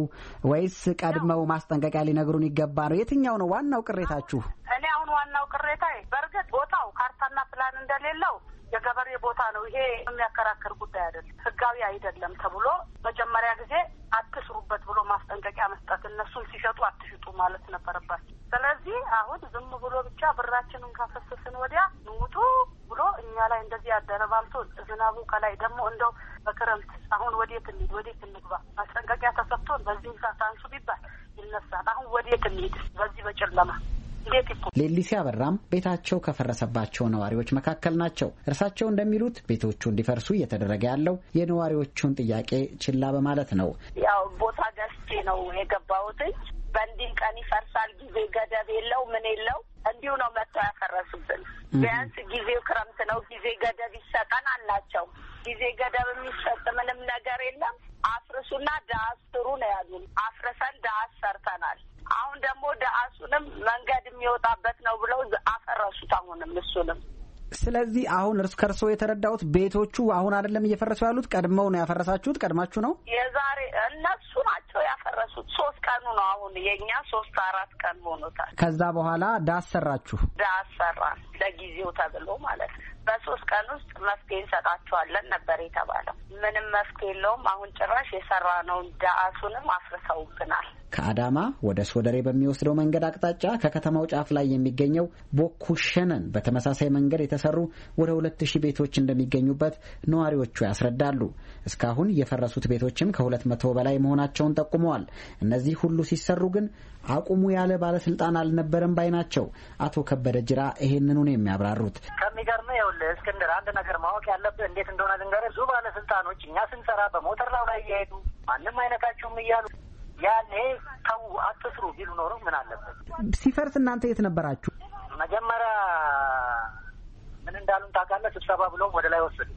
ወይስ ቀድመው ማስጠንቀቂያ ሊነግሩን ይገባ ነው? የትኛው ነው ዋናው ቅሬታችሁ? እኔ አሁን ዋናው ቅሬታ በእርግጥ ቦታው ካርታና ፕላን እንደሌለው የገበሬ ቦታ ነው። ይሄ የሚያከራከር ጉዳይ አይደለም፣ ህጋዊ አይደለም ተብሎ መጀመሪያ ጊዜ አትስሩበት ብሎ ማስጠንቀቂያ መስጠት፣ እነሱም ሲሸጡ አትሽጡ ማለት ነበረባቸው። ስለዚህ አሁን ዝም ብሎ ብቻ ብራችንን ካፈሰስን ወዲያ ንውጡ ብሎ እኛ ላይ እንደዚህ ያደረባልቶ ዝናቡ ከላይ ደግሞ እንደው በክረምት አሁን ወዴት እንሂድ ወዴት እንግባ ማስጠንቀቂያ ተሰጥቶን በዚህ ሰዓት አንሱ ቢባል ይነሳል። አሁን ወዴት እንሂድ በዚህ በጨለማ ሌሊሴ አበራም ቤታቸው ከፈረሰባቸው ነዋሪዎች መካከል ናቸው። እርሳቸው እንደሚሉት ቤቶቹ እንዲፈርሱ እየተደረገ ያለው የነዋሪዎቹን ጥያቄ ችላ በማለት ነው። ያው ቦታ ገዝቼ ነው የገባሁት በእንዲህ ቀን ይፈርሳል፣ ጊዜ ገደብ የለው ምን የለው እንዲሁ ነው መጥተው ያፈረሱብን። ቢያንስ ጊዜው ክረምት ነው፣ ጊዜ ገደብ ይሰጠን አላቸው። ጊዜ ገደብ የሚሰጥ ምንም ነገር የለም። አፍርሱና ዳስ ስሩ ነው ያሉን። አፍርሰን ዳስ ሰርተናል። አሁን ደግሞ ዳሱንም መንገድ የሚወጣበት ነው ብለው አፈረሱት። አሁንም እሱንም ስለዚህ አሁን እርስ ከርሶ የተረዳሁት ቤቶቹ አሁን አይደለም እየፈረሱ ያሉት ቀድመው ነው ያፈረሳችሁት? ቀድማችሁ ነው የዛሬ እነሱ ናቸው ያፈረሱት። ሶስት ቀኑ ነው አሁን የእኛ ሶስት አራት ቀን ሆኖታል። ከዛ በኋላ ዳስ ሰራችሁ? ዳስ ሰራ ለጊዜው ተብሎ ማለት ነው። በሶስት ቀን ውስጥ መፍትሄ እንሰጣቸዋለን ነበር የተባለው። ምንም መፍትሄ የለውም። አሁን ጭራሽ የሰራ ነው ዳአሱንም አፍርሰውብናል። ከአዳማ ወደ ሶደሬ በሚወስደው መንገድ አቅጣጫ ከከተማው ጫፍ ላይ የሚገኘው ቦኩሸነን በተመሳሳይ መንገድ የተሰሩ ወደ ሁለት ሺህ ቤቶች እንደሚገኙበት ነዋሪዎቹ ያስረዳሉ። እስካሁን የፈረሱት ቤቶችም ከሁለት መቶ በላይ መሆናቸውን ጠቁመዋል። እነዚህ ሁሉ ሲሰሩ ግን አቁሙ ያለ ባለስልጣን አልነበረም ባይ ናቸው። አቶ ከበደ ጅራ ይሄንኑ ነው የሚያብራሩት። የሚገርም ይኸውልህ እስክንድር አንድ ነገር ማወቅ ያለብህ እንዴት እንደሆነ ልንገርህ። ብዙ ባለስልጣኖች እኛ ስንሰራ በሞተር ላው ላይ እየሄዱ ማንም አይነካችሁም እያሉ ያኔ ተው አትስሩ ቢሉ ኖሮ ምን አለበት? ሲፈርስ እናንተ የት ነበራችሁ? መጀመሪያ ምን እንዳሉን ታውቃለህ? ስብሰባ ብሎም ወደ ላይ ወሰዱ።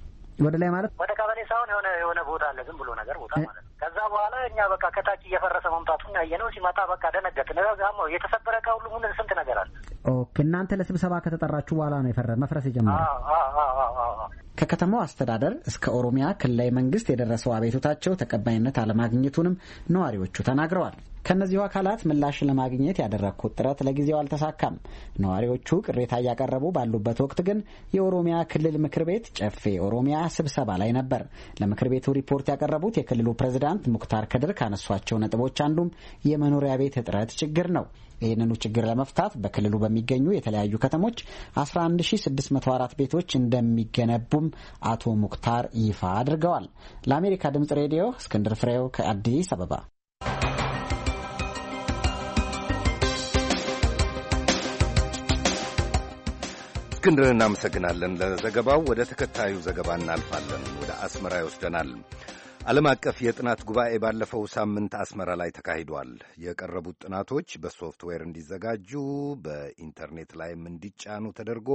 ወደ ላይ ማለት ወደ ቀበሌ ሳይሆን የሆነ የሆነ ቦታ አለ ዝም ብሎ ነገር ቦታ ማለት ነው ከዛ በኋላ እኛ በቃ ከታች እየፈረሰ መምጣቱን ነው። ሲመጣ በቃ ደነገጥን። ዛሞ የተሰበረ እቃ ሁሉ ምን ስንት ነገር አለ። ኦኬ እናንተ ለስብሰባ ከተጠራችሁ በኋላ ነው የፈረ መፍረስ የጀመረው? ከከተማው አስተዳደር እስከ ኦሮሚያ ክልላዊ መንግስት የደረሰው አቤቱታቸው ተቀባይነት አለማግኘቱንም ነዋሪዎቹ ተናግረዋል። ከእነዚሁ አካላት ምላሽ ለማግኘት ያደረግኩት ጥረት ለጊዜው አልተሳካም። ነዋሪዎቹ ቅሬታ እያቀረቡ ባሉበት ወቅት ግን የኦሮሚያ ክልል ምክር ቤት ጨፌ ኦሮሚያ ስብሰባ ላይ ነበር። ለምክር ቤቱ ሪፖርት ያቀረቡት የክልሉ ፕሬዝዳንት ሙክታር ከድር ካነሷቸው ነጥቦች አንዱም የመኖሪያ ቤት እጥረት ችግር ነው። ይህንኑ ችግር ለመፍታት በክልሉ በሚገኙ የተለያዩ ከተሞች 11604 ቤቶች እንደሚገነቡም አቶ ሙክታር ይፋ አድርገዋል። ለአሜሪካ ድምጽ ሬዲዮ እስክንድር ፍሬው ከአዲስ አበባ። እስክንድር እናመሰግናለን ለዘገባው። ወደ ተከታዩ ዘገባ እናልፋለን። ወደ አስመራ ይወስደናል። ዓለም አቀፍ የጥናት ጉባኤ ባለፈው ሳምንት አስመራ ላይ ተካሂዷል። የቀረቡት ጥናቶች በሶፍትዌር እንዲዘጋጁ በኢንተርኔት ላይም እንዲጫኑ ተደርጎ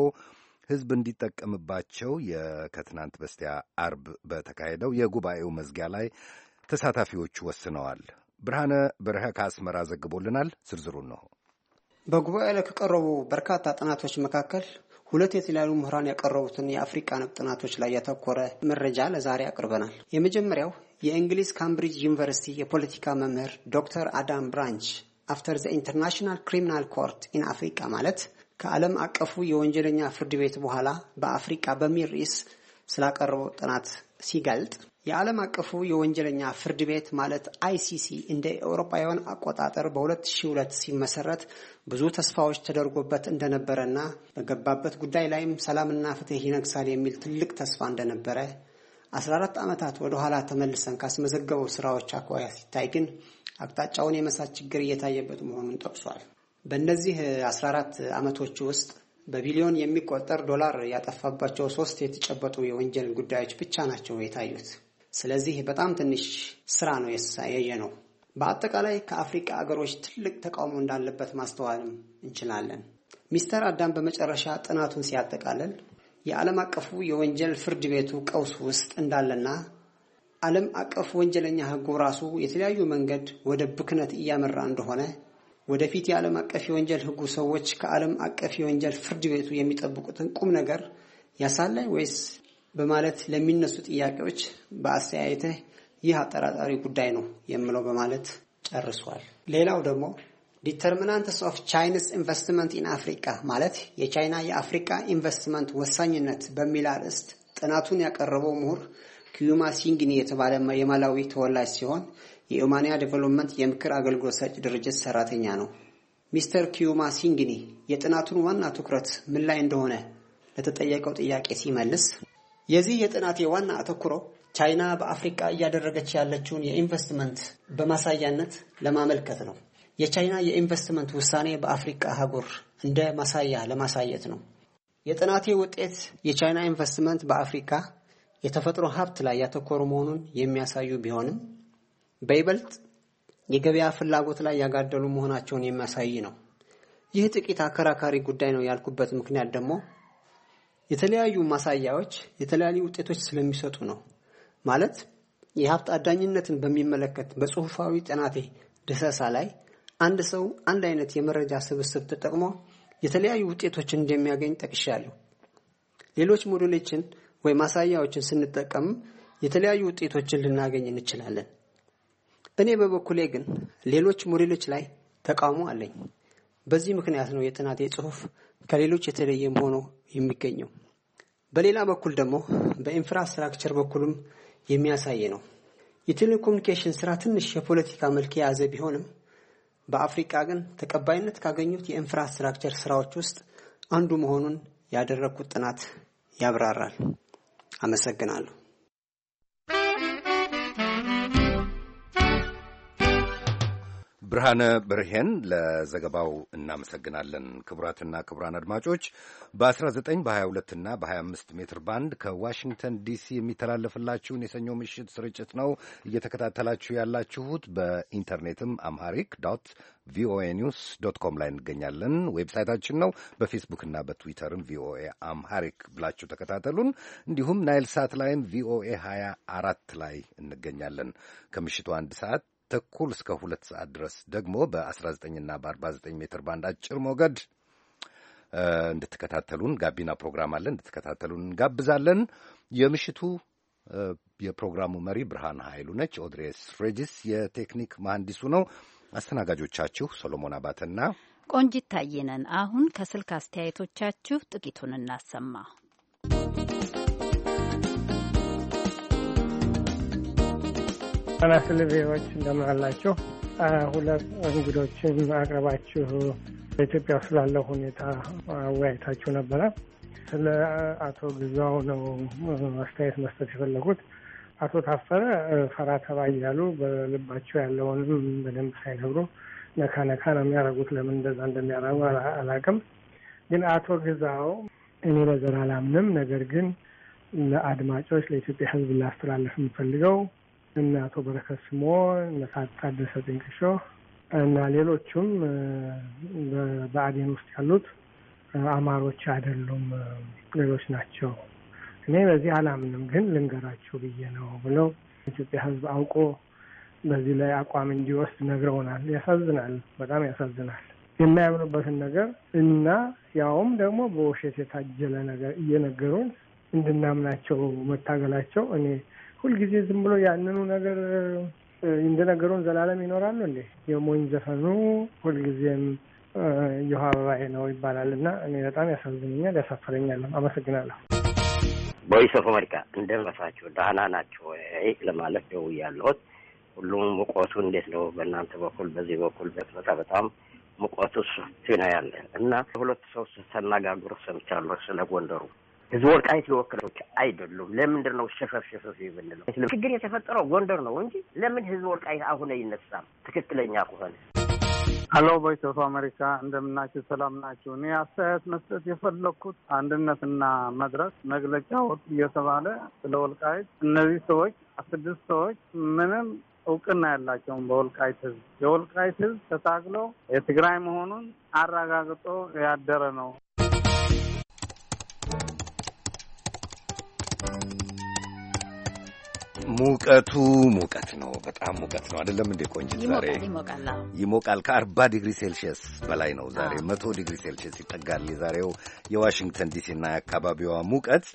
ሕዝብ እንዲጠቀምባቸው የከትናንት በስቲያ አርብ በተካሄደው የጉባኤው መዝጊያ ላይ ተሳታፊዎቹ ወስነዋል። ብርሃነ በረኸ ከአስመራ ዘግቦልናል። ዝርዝሩን ነው። በጉባኤ ላይ ከቀረቡ በርካታ ጥናቶች መካከል ሁለት የተለያዩ ምሁራን ያቀረቡትን የአፍሪቃ ንብ ጥናቶች ላይ ያተኮረ መረጃ ለዛሬ አቅርበናል። የመጀመሪያው የእንግሊዝ ካምብሪጅ ዩኒቨርሲቲ የፖለቲካ መምህር ዶክተር አዳም ብራንች አፍተር ዘ ኢንተርናሽናል ክሪሚናል ኮርት ኢን አፍሪቃ ማለት ከዓለም አቀፉ የወንጀለኛ ፍርድ ቤት በኋላ በአፍሪቃ በሚል ርዕስ ስላቀረበው ጥናት ሲገልጥ የዓለም አቀፉ የወንጀለኛ ፍርድ ቤት ማለት አይሲሲ እንደ አውሮፓውያን አቆጣጠር በ2002 ሲመሰረት ብዙ ተስፋዎች ተደርጎበት እንደነበረና በገባበት ጉዳይ ላይም ሰላምና ፍትህ ይነግሳል የሚል ትልቅ ተስፋ እንደነበረ 14 ዓመታት ወደ ኋላ ተመልሰን ካስመዘገበው ስራዎች አኳያ ሲታይ ግን አቅጣጫውን የመሳት ችግር እየታየበት መሆኑን ጠቅሷል። በእነዚህ 14 ዓመቶች ውስጥ በቢሊዮን የሚቆጠር ዶላር ያጠፋባቸው ሶስት የተጨበጡ የወንጀል ጉዳዮች ብቻ ናቸው የታዩት። ስለዚህ በጣም ትንሽ ስራ ነው የሳየየ ነው። በአጠቃላይ ከአፍሪቃ አገሮች ትልቅ ተቃውሞ እንዳለበት ማስተዋልም እንችላለን። ሚስተር አዳም በመጨረሻ ጥናቱን ሲያጠቃልል የዓለም አቀፉ የወንጀል ፍርድ ቤቱ ቀውስ ውስጥ እንዳለና ዓለም አቀፍ ወንጀለኛ ሕጉ ራሱ የተለያዩ መንገድ ወደ ብክነት እያመራ እንደሆነ ወደፊት የዓለም አቀፍ የወንጀል ሕጉ ሰዎች ከዓለም አቀፍ የወንጀል ፍርድ ቤቱ የሚጠብቁትን ቁም ነገር ያሳለ ወይስ በማለት ለሚነሱ ጥያቄዎች በአስተያየትህ ይህ አጠራጣሪ ጉዳይ ነው የምለው በማለት ጨርሷል። ሌላው ደግሞ ዲተርሚናንትስ ኦፍ ቻይንስ ኢንቨስትመንት ኢን አፍሪካ ማለት የቻይና የአፍሪካ ኢንቨስትመንት ወሳኝነት በሚል አርዕስት ጥናቱን ያቀረበው ምሁር ኪዩማ ሲንግኒ የተባለ የማላዊ ተወላጅ ሲሆን የኡማንያ ዴቨሎፕመንት የምክር አገልግሎት ሰጪ ድርጅት ሰራተኛ ነው። ሚስተር ኪዩማ ሲንግኒ የጥናቱን ዋና ትኩረት ምን ላይ እንደሆነ ለተጠየቀው ጥያቄ ሲመልስ የዚህ የጥናቴ ዋና አተኩሮ ቻይና በአፍሪቃ እያደረገች ያለችውን የኢንቨስትመንት በማሳያነት ለማመልከት ነው። የቻይና የኢንቨስትመንት ውሳኔ በአፍሪቃ አህጉር እንደ ማሳያ ለማሳየት ነው። የጥናቴ ውጤት የቻይና ኢንቨስትመንት በአፍሪካ የተፈጥሮ ሀብት ላይ ያተኮሩ መሆኑን የሚያሳዩ ቢሆንም በይበልጥ የገበያ ፍላጎት ላይ ያጋደሉ መሆናቸውን የሚያሳይ ነው። ይህ ጥቂት አከራካሪ ጉዳይ ነው ያልኩበት ምክንያት ደግሞ የተለያዩ ማሳያዎች የተለያዩ ውጤቶች ስለሚሰጡ ነው። ማለት የሀብት አዳኝነትን በሚመለከት በጽሁፋዊ ጥናቴ ድሰሳ ላይ አንድ ሰው አንድ አይነት የመረጃ ስብስብ ተጠቅሞ የተለያዩ ውጤቶችን እንደሚያገኝ ጠቅሻለሁ። ሌሎች ሞዴሎችን ወይ ማሳያዎችን ስንጠቀም የተለያዩ ውጤቶችን ልናገኝ እንችላለን። እኔ በበኩሌ ግን ሌሎች ሞዴሎች ላይ ተቃውሞ አለኝ። በዚህ ምክንያት ነው የጥናቴ ጽሁፍ ከሌሎች የተለየም ሆኖ የሚገኘው። በሌላ በኩል ደግሞ በኢንፍራስትራክቸር በኩልም የሚያሳይ ነው። የቴሌኮሙኒኬሽን ስራ ትንሽ የፖለቲካ መልክ የያዘ ቢሆንም በአፍሪካ ግን ተቀባይነት ካገኙት የኢንፍራስትራክቸር ስራዎች ውስጥ አንዱ መሆኑን ያደረግኩት ጥናት ያብራራል። አመሰግናለሁ። ብርሃነ ብርሄን ለዘገባው እናመሰግናለን። ክቡራትና ክቡራን አድማጮች በ19 በ22 እና በ25 ሜትር ባንድ ከዋሽንግተን ዲሲ የሚተላለፍላችሁን የሰኞ ምሽት ስርጭት ነው እየተከታተላችሁ ያላችሁት። በኢንተርኔትም አምሃሪክ ዶት ቪኦኤ ኒውስ ዶት ኮም ላይ እንገኛለን። ዌብሳይታችን ነው። በፌስቡክና በትዊተርም ቪኦኤ አምሃሪክ ብላችሁ ተከታተሉን። እንዲሁም ናይል ሳት ላይም ቪኦኤ 24 ላይ እንገኛለን ከምሽቱ አንድ ሰዓት ተኩል እስከ ሁለት ሰዓት ድረስ ደግሞ በ19ና በ49 ሜትር ባንድ አጭር ሞገድ እንድትከታተሉን ጋቢና ፕሮግራም አለን። እንድትከታተሉን እንጋብዛለን። የምሽቱ የፕሮግራሙ መሪ ብርሃን ኃይሉ ነች። ኦድሬስ ሬጂስ የቴክኒክ መሐንዲሱ ነው። አስተናጋጆቻችሁ ሶሎሞን አባተና ቆንጂት ታየነን። አሁን ከስልክ አስተያየቶቻችሁ ጥቂቱን እናሰማ። አናስል ዜዎች እንደምን አላችሁ? ሁለት እንግዶችን አቅርባችሁ በኢትዮጵያ ውስጥ ላለው ሁኔታ አወያይታችሁ ነበረ። ስለ አቶ ግዛው ነው አስተያየት መስጠት የፈለጉት። አቶ ታፈረ ፈራ ተባ እያሉ በልባቸው ያለውንም በደንብ ሳይነግሩ ነካ ነካ ነው የሚያደርጉት። ለምን እንደዛ እንደሚያደርጉ አላውቅም። ግን አቶ ግዛው እኔ በዘር አላምንም። ነገር ግን ለአድማጮች፣ ለኢትዮጵያ ሕዝብ ላስተላለፍ የምፈልገው እነ አቶ በረከት ስሞ፣ እነ ታደሰ ጥንቅሾ እና ሌሎቹም በአዴን ውስጥ ያሉት አማሮች አይደሉም፣ ሌሎች ናቸው። እኔ በዚህ አላምንም፣ ግን ልንገራችሁ ብዬ ነው ብለው ኢትዮጵያ ሕዝብ አውቆ በዚህ ላይ አቋም እንዲወስድ ነግረውናል። ያሳዝናል፣ በጣም ያሳዝናል። የማያምኑበትን ነገር እና ያውም ደግሞ በውሸት የታጀለ ነገር እየነገሩን እንድናምናቸው መታገላቸው እኔ ሁልጊዜ ዝም ብሎ ያንኑ ነገር እንደነገሩን ዘላለም ይኖራሉ እንዴ? የሞኝ ዘፈኑ ሁልጊዜም የውሃ አበባዬ ነው ይባላል እና እኔ በጣም ያሳዝንኛል፣ ያሳፍረኛል። አመሰግናለሁ። ቮይስ ኦፍ አሜሪካ እንደመሳችሁ ደህና ናቸው ወይ ለማለት ያለሁት። ሁሉም ሙቀቱ እንዴት ነው በእናንተ በኩል? በዚህ በኩል በጣ በጣም ሙቀቱ ሰፊ ነው ያለ እና ሁለት ሰው ስናጋግሩ ሰምቻለሁ ስለ ጎንደሩ ህዝብ ወልቃይት የወከሎች አይደሉም። ለምንድን ነው ሸፈፍ ሸፈፍ የምንለው? ችግር የተፈጠረው ጎንደር ነው እንጂ ለምን ህዝብ ወልቃይት አሁን አይነሳም? ትክክለኛ ከሆነ ሀሎ ቮይስ ኦፍ አሜሪካ እንደምናችሁ፣ ሰላም ናችሁ? እኔ አስተያየት መስጠት የፈለግኩት አንድነትና መድረክ መግለጫ ወጡ እየተባለ ስለ ወልቃይት እነዚህ ሰዎች ስድስት ሰዎች ምንም እውቅና ያላቸውም በወልቃይት ህዝብ የወልቃይት ህዝብ ተታግሎ የትግራይ መሆኑን አረጋግጦ ያደረ ነው። ሙቀቱ ሙቀት ነው፣ በጣም ሙቀት ነው። አይደለም እንዴ ቆንጅት? ዛሬ ይሞቃል። ከአርባ ዲግሪ ሴልሽየስ በላይ ነው ዛሬ መቶ ዲግሪ ሴልሽየስ ይጠጋል የዛሬው የዋሽንግተን እና የአካባቢዋ ሙቀት።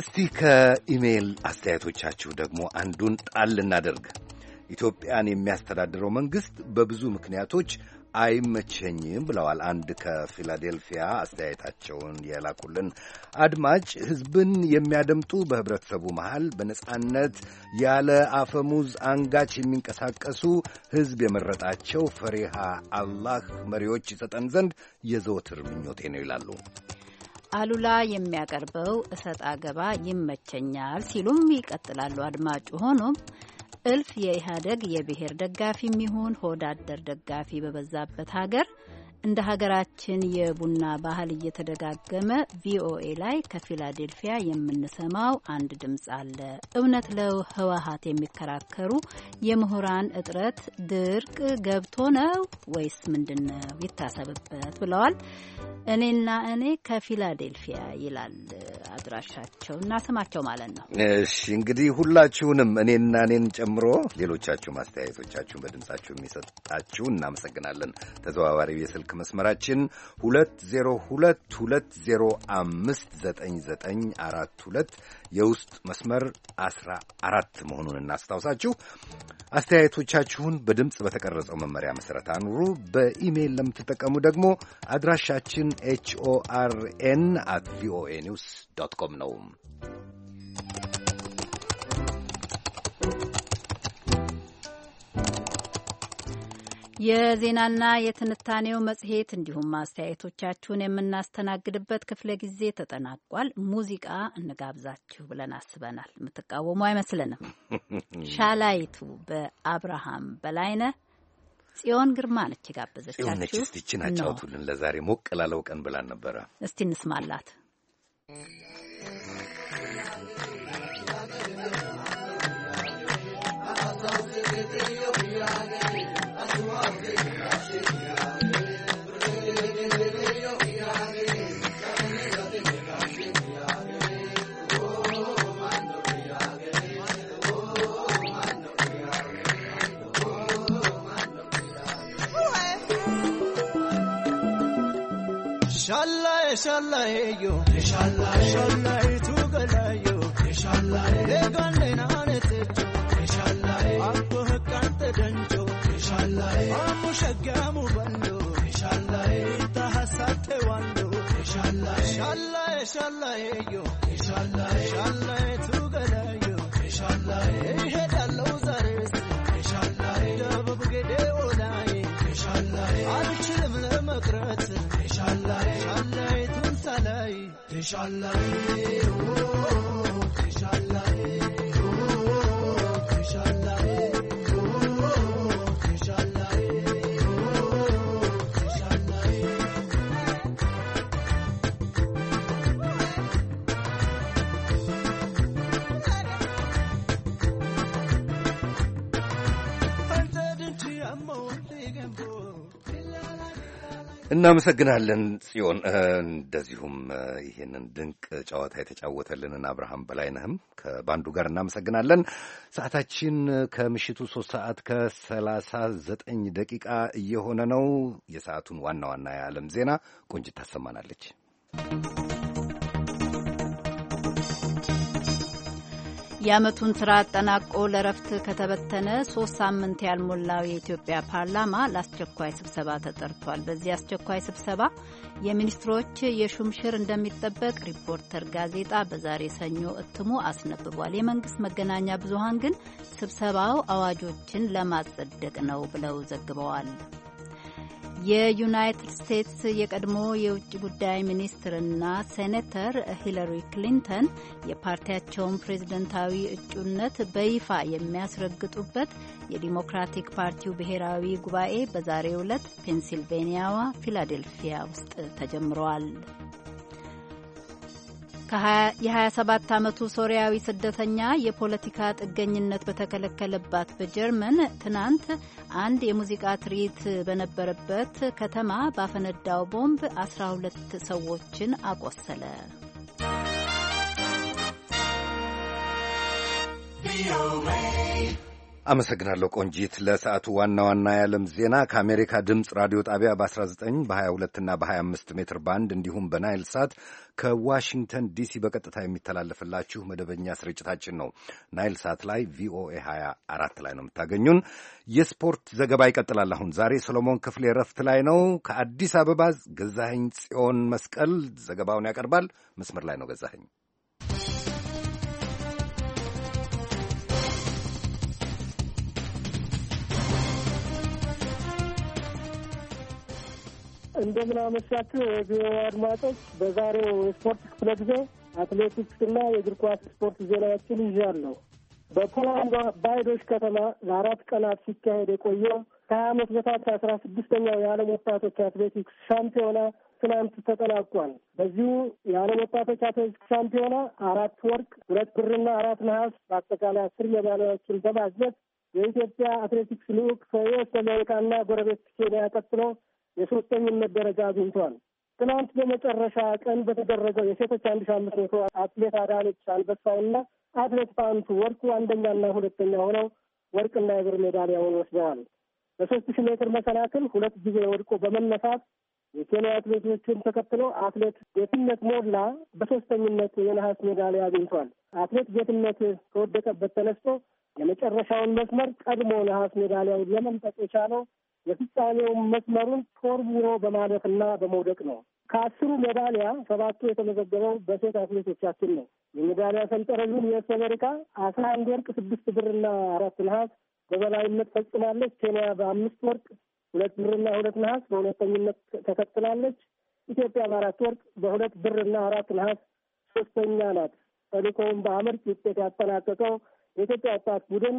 እስቲ ከኢሜይል አስተያየቶቻችሁ ደግሞ አንዱን ጣል እናደርግ። ኢትዮጵያን የሚያስተዳድረው መንግሥት በብዙ ምክንያቶች አይመቸኝም ብለዋል አንድ ከፊላዴልፊያ አስተያየታቸውን የላኩልን አድማጭ። ህዝብን የሚያደምጡ በህብረተሰቡ መሃል በነጻነት ያለ አፈሙዝ አንጋች የሚንቀሳቀሱ ህዝብ የመረጣቸው ፈሪሃ አላህ መሪዎች ይሰጠን ዘንድ የዘወትር ምኞቴ ነው ይላሉ። አሉላ የሚያቀርበው እሰጥ አገባ ይመቸኛል ሲሉም ይቀጥላሉ አድማጩ ሆኖም እልፍ የኢህአደግ የብሔር ደጋፊ የሚሆን ሆዳደር ደጋፊ በበዛበት ሀገር እንደ ሀገራችን የቡና ባህል እየተደጋገመ ቪኦኤ ላይ ከፊላዴልፊያ የምንሰማው አንድ ድምፅ አለ። እውነት ለህወሀት የሚከራከሩ የምሁራን እጥረት ድርቅ ገብቶ ነው ወይስ ምንድን ነው? ይታሰብበት ብለዋል። እኔና እኔ ከፊላዴልፊያ ይላል አድራሻቸው እና ስማቸው ማለት ነው። እሺ እንግዲህ ሁላችሁንም እኔና እኔን ጨምሮ ሌሎቻችሁ ማስተያየቶቻችሁን በድምጻችሁ የሚሰጣችሁ እናመሰግናለን። ተዘዋዋሪው የስልክ መስመራችን 2022059942 የውስጥ መስመር አስራ አራት መሆኑን እናስታውሳችሁ። አስተያየቶቻችሁን በድምፅ በተቀረጸው መመሪያ መሠረት አኑሩ። በኢሜይል ለምትጠቀሙ ደግሞ አድራሻችን ኤችኦአርኤን አት ቪኦኤ ኒውስ ዶት ኮም ነው። የዜናና የትንታኔው መጽሔት እንዲሁም አስተያየቶቻችሁን የምናስተናግድበት ክፍለ ጊዜ ተጠናቋል። ሙዚቃ እንጋብዛችሁ ብለን አስበናል። የምትቃወሙ አይመስልንም። [laughs] ሻላይቱ በአብርሃም በላይነ ጽዮን ግርማ ነች የጋበዘቻችሁ። ስቲችን አጫውቱልን ለዛሬ ሞቅ ላለው ቀን ብላን ነበረ። እስቲ እንስማላት። Thank [laughs] you. Inshallah, inshallah, you. Inshallah, inshallah, to you. Inshallah, inshallah, inshallah, inshallah, መቅረት ሻላይቱን ሳላይ ሻላይ እናመሰግናለን ጽዮን፣ እንደዚሁም ይህንን ድንቅ ጨዋታ የተጫወተልንን አብርሃም በላይነህም ከባንዱ ጋር እናመሰግናለን። ሰዓታችን ከምሽቱ ሶስት ሰዓት ከሰላሳ ዘጠኝ ደቂቃ እየሆነ ነው። የሰዓቱን ዋና ዋና የዓለም ዜና ቆንጅት ታሰማናለች። የዓመቱን ስራ አጠናቆ ለረፍት ከተበተነ ሶስት ሳምንት ያልሞላው የኢትዮጵያ ፓርላማ ለአስቸኳይ ስብሰባ ተጠርቷል። በዚህ አስቸኳይ ስብሰባ የሚኒስትሮች የሹምሽር እንደሚጠበቅ ሪፖርተር ጋዜጣ በዛሬ ሰኞ እትሙ አስነብቧል። የመንግስት መገናኛ ብዙሃን ግን ስብሰባው አዋጆችን ለማጸደቅ ነው ብለው ዘግበዋል። የዩናይትድ ስቴትስ የቀድሞ የውጭ ጉዳይ ሚኒስትርና ሴኔተር ሂለሪ ክሊንተን የፓርቲያቸውን ፕሬዝደንታዊ እጩነት በይፋ የሚያስረግጡበት የዲሞክራቲክ ፓርቲው ብሔራዊ ጉባኤ በዛሬው ዕለት ፔንሲልቬንያዋ ፊላዴልፊያ ውስጥ ተጀምረዋል። የ27 ዓመቱ ሶሪያዊ ስደተኛ የፖለቲካ ጥገኝነት በተከለከለባት በጀርመን ትናንት አንድ የሙዚቃ ትርኢት በነበረበት ከተማ ባፈነዳው ቦምብ 12 ሰዎችን አቆሰለ። አመሰግናለሁ ቆንጂት። ለሰዓቱ ዋና ዋና የዓለም ዜና ከአሜሪካ ድምፅ ራዲዮ ጣቢያ በ19 በ22 እና በ25 ሜትር ባንድ እንዲሁም በናይል ሳት ከዋሽንግተን ዲሲ በቀጥታ የሚተላለፍላችሁ መደበኛ ስርጭታችን ነው። ናይል ሳት ላይ ቪኦኤ 24 ላይ ነው የምታገኙን። የስፖርት ዘገባ ይቀጥላል። አሁን ዛሬ ሰሎሞን ክፍሌ እረፍት ላይ ነው። ከአዲስ አበባ ገዛኸኝ ጽዮን መስቀል ዘገባውን ያቀርባል። መስመር ላይ ነው ገዛኸኝ። እንደምን አመሻችሁ አድማጮች። በዛሬው የስፖርት ክፍለ ጊዜ አትሌቲክስና የእግር ኳስ ስፖርት ዜናዎችን ይዣለሁ። በፖላንዷ ባይዶች ከተማ ለአራት ቀናት ሲካሄድ የቆየው ከሀያ አመት በታች አስራ ስድስተኛው የዓለም ወጣቶች አትሌቲክስ ሻምፒዮና ትናንት ተጠናቋል። በዚሁ የዓለም ወጣቶች አትሌቲክስ ሻምፒዮና አራት ወርቅ፣ ሁለት ብርና አራት ነሐስ በአጠቃላይ አስር ሜዳሊያዎችን በማግኘት የኢትዮጵያ አትሌቲክስ ልዑክ ከዩኤስ አሜሪካና ጎረቤት ኬንያ ቀጥሎ የሶስተኝነት ደረጃ አግኝቷል። ትናንት በመጨረሻ ቀን በተደረገው የሴቶች አንድ ሺ አምስት መቶ አትሌት አዳነች አንበሳውና አትሌት ፋንቱ ወርቁ አንደኛና ሁለተኛ ሆነው ወርቅና የብር ሜዳሊያውን ወስደዋል። በሶስት ሺ ሜትር መሰናክል ሁለት ጊዜ ወድቆ በመነሳት የኬንያ አትሌቶችን ተከትሎ አትሌት ጌትነት ሞላ በሶስተኝነት የነሐስ ሜዳሊያ አግኝቷል። አትሌት ጌትነት ከወደቀበት ተነስቶ የመጨረሻውን መስመር ቀድሞ ነሐስ ሜዳሊያውን ለመንጠቅ የቻለው የፍጻሜውን መስመሩን ፎር ዜሮ በማለፍና በመውደቅ ነው። ከአስሩ ሜዳሊያ ሰባቱ የተመዘገበው በሴት አትሌቶቻችን ነው። የሜዳሊያ ሰንጠረዡን የስ አሜሪካ አስራ አንድ ወርቅ፣ ስድስት ብርና አራት ነሐስ በበላይነት ፈጽማለች። ኬንያ በአምስት ወርቅ፣ ሁለት ብርና ሁለት ነሐስ በሁለተኝነት ተከትላለች። ኢትዮጵያ በአራት ወርቅ፣ በሁለት ብርና አራት ነሐስ ሶስተኛ ናት። ተልእኮውን በአመርቂ ውጤት ያጠናቀቀው የኢትዮጵያ ወጣት ቡድን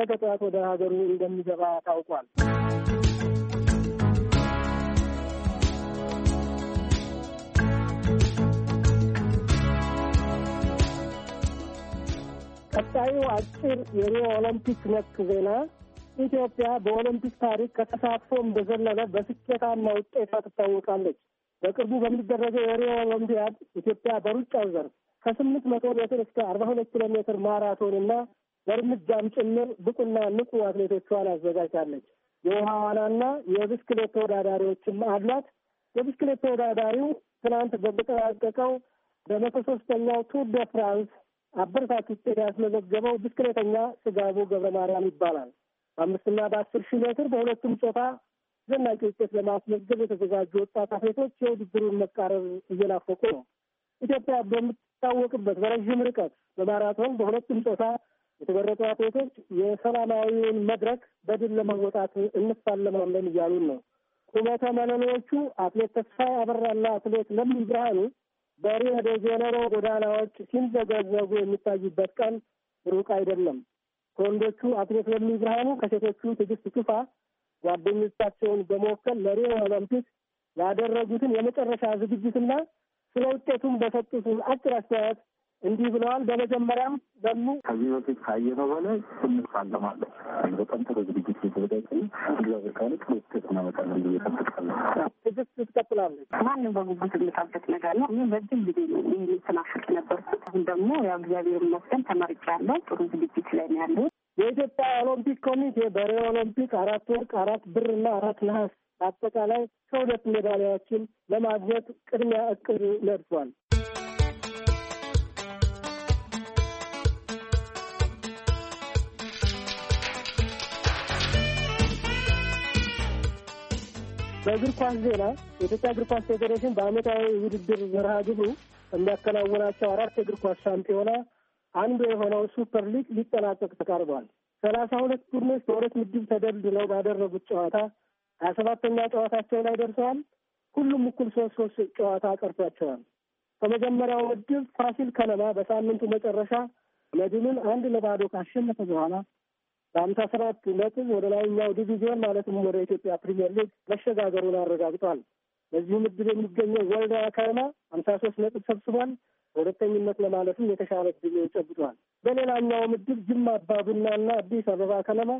ነገ ጠዋት ወደ ሀገሩ እንደሚገባ ታውቋል። ቀጣዩ አጭር የሪዮ ኦሎምፒክ ነክ ዜና ኢትዮጵያ በኦሎምፒክ ታሪክ ከተሳትፎ እንደዘለለ በስኬታማ ውጤቷ ትታወቃለች። በቅርቡ በሚደረገው የሪዮ ኦሎምፒያድ ኢትዮጵያ በሩጫው ዘርፍ ከስምንት መቶ ሜትር እስከ አርባ ሁለት ኪሎ ሜትር ማራቶን እና በእርምጃም ጭምር ብቁና ንቁ አትሌቶቿን አዘጋጅታለች። የውሃ ዋናና የብስክሌት ተወዳዳሪዎችም አሏት። የብስክሌት ተወዳዳሪው ትናንት በተጠናቀቀው በመቶ ሶስተኛው ቱር ደ ፍራንስ አበረታች ውጤት ያስመዘገበው ብስክሌተኛ ስጋቡ ገብረ ማርያም ይባላል። በአምስትና በአስር ሺህ ሜትር በሁለቱም ጾታ ዘናቂ ውጤት ለማስመዝገብ የተዘጋጁ ወጣት አትሌቶች የውድድሩን መቃረብ እየናፈቁ ነው። ኢትዮጵያ በምትታወቅበት በረዥም ርቀት በማራቶን በሁለቱም ጾታ የተመረጡ አትሌቶች የሰላማዊውን መድረክ በድል ለመወጣት እንፋለማለን እያሉን ነው። ቁመተ መለሎዎቹ አትሌት ተስፋዬ አበራና አትሌት ለምን ብርሃኑ በሪዮ ደ ጄኔሮ ጎዳናዎች ሲንዘገዘጉ የሚታዩበት ቀን ሩቅ አይደለም። ከወንዶቹ አትሌት ለሚ ብርሃኑ፣ ከሴቶቹ ትዕግስት ቱፋ ጓደኞቻቸውን በመወከል ለሪዮ ኦሎምፒክ ያደረጉትን የመጨረሻ ዝግጅትና ስለ ውጤቱም በሰጡት አጭር አስተያየት እንዲህ ብለዋል። በመጀመሪያም ደግሞ ከዚህ በፊት ካየነው በላይ ትንሽ አለማለሁ በጣም ጥሩ ዝግጅት የተዘጋጀ እግዚአብሔር ካለ ጥሩ ውጤት እናመጣለን ብዬ እጠብቃለሁ። ትግስት ትቀጥላለች። ማንም በጉጉት የምጣበት ነገር ነው። እኔ በዚህ ጊዜ ይህ ስናፍቅ ነበርኩት። አሁን ደግሞ ያው እግዚአብሔር ይመስገን ተመርቄያለሁ። ጥሩ ዝግጅት ላይ ነው ያለሁት። የኢትዮጵያ ኦሎምፒክ ኮሚቴ በሪዮ ኦሎምፒክ አራት ወርቅ፣ አራት ብር እና አራት ነሐስ በአጠቃላይ ከሁለት ሜዳሊያዎችን ለማግኘት ቅድሚያ እቅድ ነድፏል። በእግር ኳስ ዜና የኢትዮጵያ እግር ኳስ ፌዴሬሽን በዓመታዊ ውድድር መርሃ ግብሩ የሚያከናውናቸው አራት የእግር ኳስ ሻምፒዮና አንዱ የሆነው ሱፐር ሊግ ሊጠናቀቅ ተቃርቧል። ሰላሳ ሁለት ቡድኖች በሁለት ምድብ ተደልድለው ባደረጉት ጨዋታ ሀያ ሰባተኛ ጨዋታቸው ላይ ደርሰዋል። ሁሉም እኩል ሶስት ሶስት ጨዋታ ቀርቷቸዋል። በመጀመሪያው ምድብ ፋሲል ከነማ በሳምንቱ መጨረሻ መድንን አንድ ለባዶ ካሸነፈ በኋላ በአምሳ ሰባት ነጥብ ወደ ላይኛው ዲቪዚዮን ማለትም ወደ ኢትዮጵያ ፕሪሚየር ሊግ መሸጋገሩን አረጋግጧል። በዚህ ምድብ የሚገኘው ወልዳ ከነማ አምሳ ሶስት ነጥብ ሰብስቧል። በሁለተኝነት ለማለፍም የተሻለ ድል ጨብጧል። በሌላኛው ምድብ ጅማ አባ አዲስ አበባ ከነማ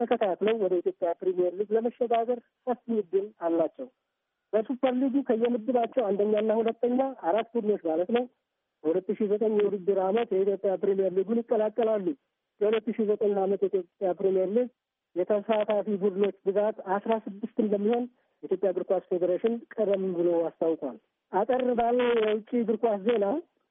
ተከታትለው ወደ ኢትዮጵያ ፕሪሚየር ሊግ ለመሸጋገር ሰፊ ምድብ አላቸው። በሱፐር ሊጉ ከየምድባቸው አንደኛና ሁለተኛ አራት ቡድኖች ማለት ነው በሁለት ሺ ዘጠኝ የውድድር ዓመት የኢትዮጵያ ፕሪሚየር ሊጉን ይቀላቀላሉ። የሁለት ሺ ዘጠኝ ዓመት የኢትዮጵያ ፕሪሚየር ሊግ የተሳታፊ ቡድኖች ብዛት አስራ ስድስት እንደሚሆን የኢትዮጵያ እግር ኳስ ፌዴሬሽን ቀደም ብሎ አስታውቋል። አጠር ባለ የውጭ እግር ኳስ ዜና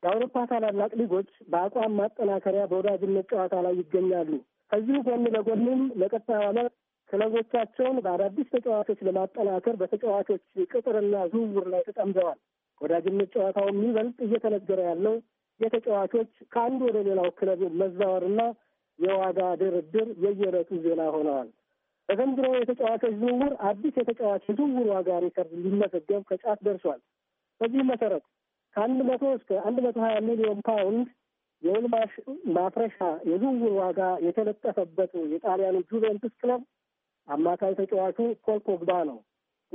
የአውሮፓ ታላላቅ ሊጎች በአቋም ማጠናከሪያ በወዳጅነት ጨዋታ ላይ ይገኛሉ። ከዚሁ ጎን ለጎንም ለቀጣዩ ዓመት ክለቦቻቸውን በአዳዲስ ተጫዋቾች ለማጠናከር በተጫዋቾች ቅጥርና ዝውውር ላይ ተጠምደዋል። ወዳጅነት ጨዋታው የሚበልጥ እየተነገረ ያለው የተጫዋቾች ከአንዱ ወደ ሌላው ክለብ መዛወርና የዋጋ ድርድር የየዕለቱ ዜና ሆነዋል። በዘንድሮ የተጫዋቾች ዝውውር አዲስ የተጫዋች ዝውውር ዋጋ ሪከርድ ሊመዘገብ ከጫፍ ደርሷል። በዚህ መሰረት ከአንድ መቶ እስከ አንድ መቶ ሀያ ሚሊዮን ፓውንድ የውል ማፍረሻ የዝውውር ዋጋ የተለጠፈበት የጣሊያኑ ጁቬንትስ ክለብ አማካይ ተጫዋቹ ፖል ፖግባ ነው።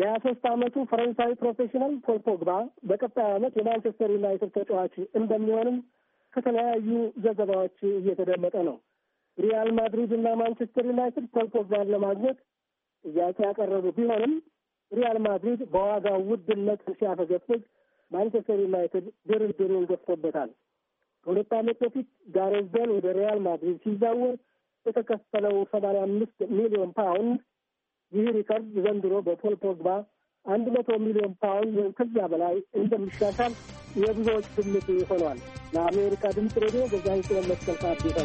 የሀያ ሶስት ዓመቱ ፈረንሳዊ ፕሮፌሽናል ፖል ፖግባ በቀጣይ ዓመት የማንቸስተር ዩናይትድ ተጫዋች እንደሚሆንም ከተለያዩ ዘገባዎች እየተደመጠ ነው። ሪያል ማድሪድ እና ማንቸስተር ዩናይትድ ፖል ፖግባን ለማግኘት ጥያቄ ያቀረቡ ቢሆንም ሪያል ማድሪድ በዋጋው ውድነት ሲያፈገፍግ፣ ማንቸስተር ዩናይትድ ድርድሩን ገፍቶበታል። ከሁለት ዓመት በፊት ጋሬዝ ቤል ወደ ሪያል ማድሪድ ሲዛወር የተከፈለው ሰማንያ አምስት ሚሊዮን ፓውንድ ይህ ሪከርድ ዘንድሮ በፖል ፖግባ አንድ መቶ ሚሊዮን ፓውንድ ወይም ከዚያ በላይ እንደሚሻሻል የብዙዎች ግምት ሆኗል። ለአሜሪካ ድምፅ ሬዲዮ በዛ ጥበመት ከልካ አዲስ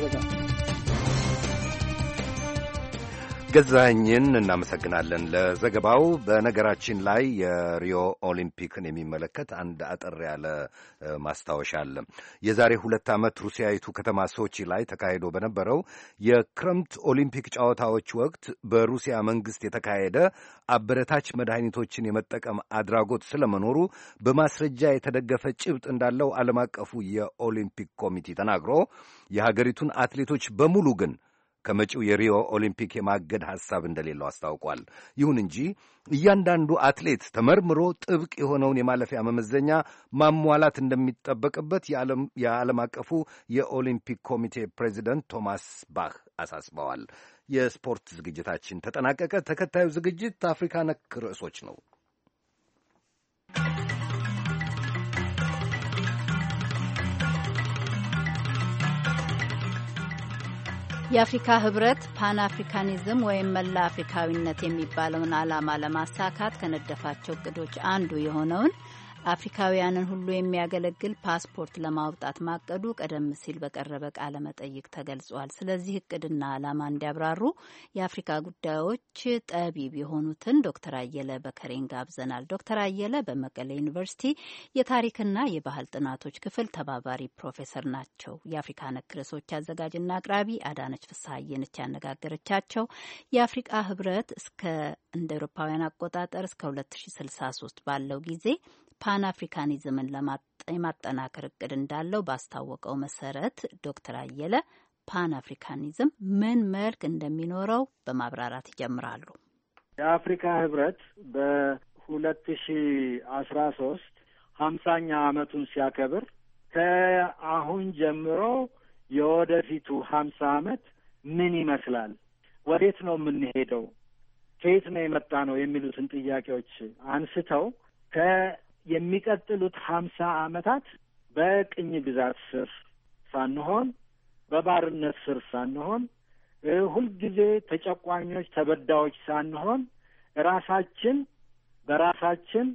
ገዛኝን እናመሰግናለን ለዘገባው። በነገራችን ላይ የሪዮ ኦሊምፒክን የሚመለከት አንድ አጠር ያለ ማስታወሻ አለ። የዛሬ ሁለት ዓመት ሩሲያዊቱ ከተማ ሶቺ ላይ ተካሂዶ በነበረው የክረምት ኦሊምፒክ ጨዋታዎች ወቅት በሩሲያ መንግሥት የተካሄደ አበረታች መድኃኒቶችን የመጠቀም አድራጎት ስለመኖሩ በማስረጃ የተደገፈ ጭብጥ እንዳለው ዓለም አቀፉ የኦሊምፒክ ኮሚቴ ተናግሮ የሀገሪቱን አትሌቶች በሙሉ ግን ከመጪው የሪዮ ኦሊምፒክ የማገድ ሐሳብ እንደሌለው አስታውቋል። ይሁን እንጂ እያንዳንዱ አትሌት ተመርምሮ ጥብቅ የሆነውን የማለፊያ መመዘኛ ማሟላት እንደሚጠበቅበት የዓለም አቀፉ የኦሊምፒክ ኮሚቴ ፕሬዚደንት ቶማስ ባህ አሳስበዋል። የስፖርት ዝግጅታችን ተጠናቀቀ። ተከታዩ ዝግጅት አፍሪካ ነክ ርዕሶች ነው። የአፍሪካ ህብረት ፓን አፍሪካኒዝም ወይም መላ አፍሪካዊነት የሚባለውን ዓላማ ለማሳካት ከነደፋቸው እቅዶች አንዱ የሆነውን አፍሪካውያንን ሁሉ የሚያገለግል ፓስፖርት ለማውጣት ማቀዱ ቀደም ሲል በቀረበ ቃለ መጠይቅ ተገልጿል። ስለዚህ እቅድና ዓላማ እንዲያብራሩ የአፍሪካ ጉዳዮች ጠቢብ የሆኑትን ዶክተር አየለ በከሬን ጋብዘናል። ዶክተር አየለ በመቀሌ ዩኒቨርሲቲ የታሪክና የባህል ጥናቶች ክፍል ተባባሪ ፕሮፌሰር ናቸው። የአፍሪካ ነክ ርዕሶች አዘጋጅና አቅራቢ አዳነች ፍስሀየነች ያነጋገረቻቸው የአፍሪካ ህብረት እስከ እንደ ኤሮፓውያን አቆጣጠር እስከ 2063 ባለው ጊዜ ፓን አፍሪካኒዝምን የማጠናከር እቅድ እንዳለው ባስታወቀው መሰረት ዶክተር አየለ ፓን አፍሪካኒዝም ምን መልክ እንደሚኖረው በማብራራት ይጀምራሉ። የአፍሪካ ህብረት በሁለት ሺ አስራ ሶስት ሀምሳኛ አመቱን ሲያከብር ከአሁን ጀምሮ የወደፊቱ ሀምሳ አመት ምን ይመስላል፣ ወዴት ነው የምንሄደው፣ ከየት ነው የመጣ ነው የሚሉትን ጥያቄዎች አንስተው ከ የሚቀጥሉት ሀምሳ አመታት በቅኝ ግዛት ስር ሳንሆን በባርነት ስር ሳንሆን ሁልጊዜ ተጨቋኞች፣ ተበዳዎች ሳንሆን ራሳችን በራሳችን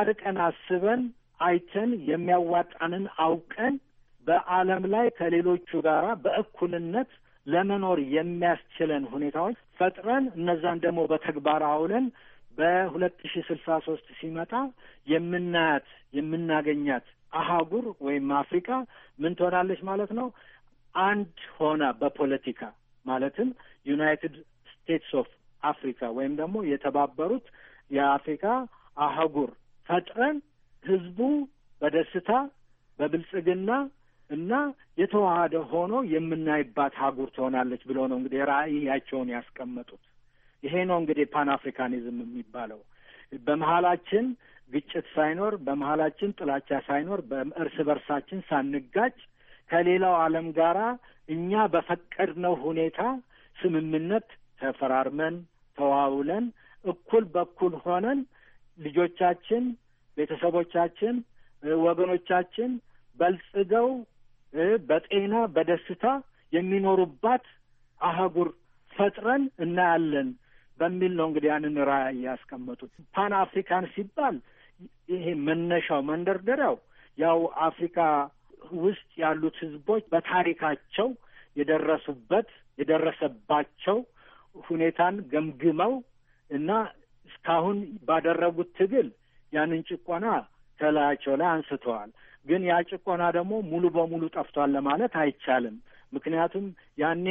አርቀን አስበን አይተን የሚያዋጣንን አውቀን በዓለም ላይ ከሌሎቹ ጋር በእኩልነት ለመኖር የሚያስችለን ሁኔታዎች ፈጥረን እነዛን ደግሞ በተግባር አውለን በሁለት ሺ ስልሳ ሶስት ሲመጣ የምናያት የምናገኛት አህጉር ወይም አፍሪካ ምን ትሆናለች ማለት ነው? አንድ ሆና በፖለቲካ ማለትም ዩናይትድ ስቴትስ ኦፍ አፍሪካ ወይም ደግሞ የተባበሩት የአፍሪካ አህጉር ፈጥረን ህዝቡ በደስታ በብልጽግና እና የተዋሃደ ሆኖ የምናይባት አህጉር ትሆናለች ብሎ ነው እንግዲህ ራዕያቸውን ያስቀመጡት። ይሄ ነው እንግዲህ ፓን አፍሪካኒዝም የሚባለው። በመሀላችን ግጭት ሳይኖር፣ በመሀላችን ጥላቻ ሳይኖር፣ በእርስ በርሳችን ሳንጋጭ ከሌላው ዓለም ጋራ እኛ በፈቀድነው ሁኔታ ስምምነት ተፈራርመን ተዋውለን እኩል በኩል ሆነን ልጆቻችን፣ ቤተሰቦቻችን፣ ወገኖቻችን በልጽገው በጤና በደስታ የሚኖሩባት አህጉር ፈጥረን እናያለን በሚል ነው እንግዲህ ያንን ራዕይ ያስቀመጡት። ፓን አፍሪካን ሲባል ይሄ መነሻው መንደርደሪያው ያው አፍሪካ ውስጥ ያሉት ህዝቦች በታሪካቸው የደረሱበት የደረሰባቸው ሁኔታን ገምግመው እና እስካሁን ባደረጉት ትግል ያንን ጭቆና ከላያቸው ላይ አንስተዋል። ግን ያ ጭቆና ደግሞ ሙሉ በሙሉ ጠፍቷል ለማለት አይቻልም። ምክንያቱም ያኔ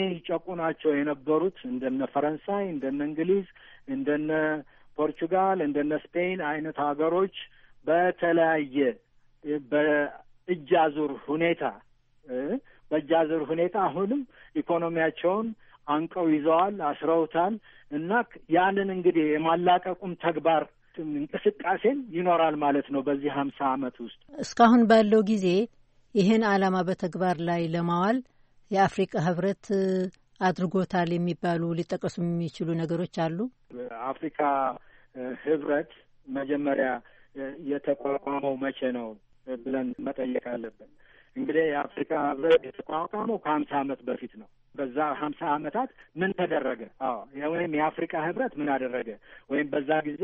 ናቸው የነበሩት እንደነ ፈረንሳይ፣ እንደነ እንግሊዝ፣ እንደነ ፖርቹጋል፣ እንደነ ስፔን አይነት ሀገሮች በተለያየ በእጅ አዙር ሁኔታ በእጅ አዙር ሁኔታ አሁንም ኢኮኖሚያቸውን አንቀው ይዘዋል፣ አስረውታል። እና ያንን እንግዲህ የማላቀቁም ተግባር እንቅስቃሴም ይኖራል ማለት ነው። በዚህ ሀምሳ ዓመት ውስጥ እስካሁን ባለው ጊዜ ይህን ዓላማ በተግባር ላይ ለማዋል የአፍሪቃ ህብረት አድርጎታል የሚባሉ ሊጠቀሱ የሚችሉ ነገሮች አሉ። አፍሪካ ህብረት መጀመሪያ የተቋቋመው መቼ ነው ብለን መጠየቅ አለብን። እንግዲህ የአፍሪካ ህብረት የተቋቋመው ከሀምሳ አመት በፊት ነው። በዛ ሀምሳ አመታት ምን ተደረገ? አዎ ወይም የአፍሪካ ህብረት ምን አደረገ? ወይም በዛ ጊዜ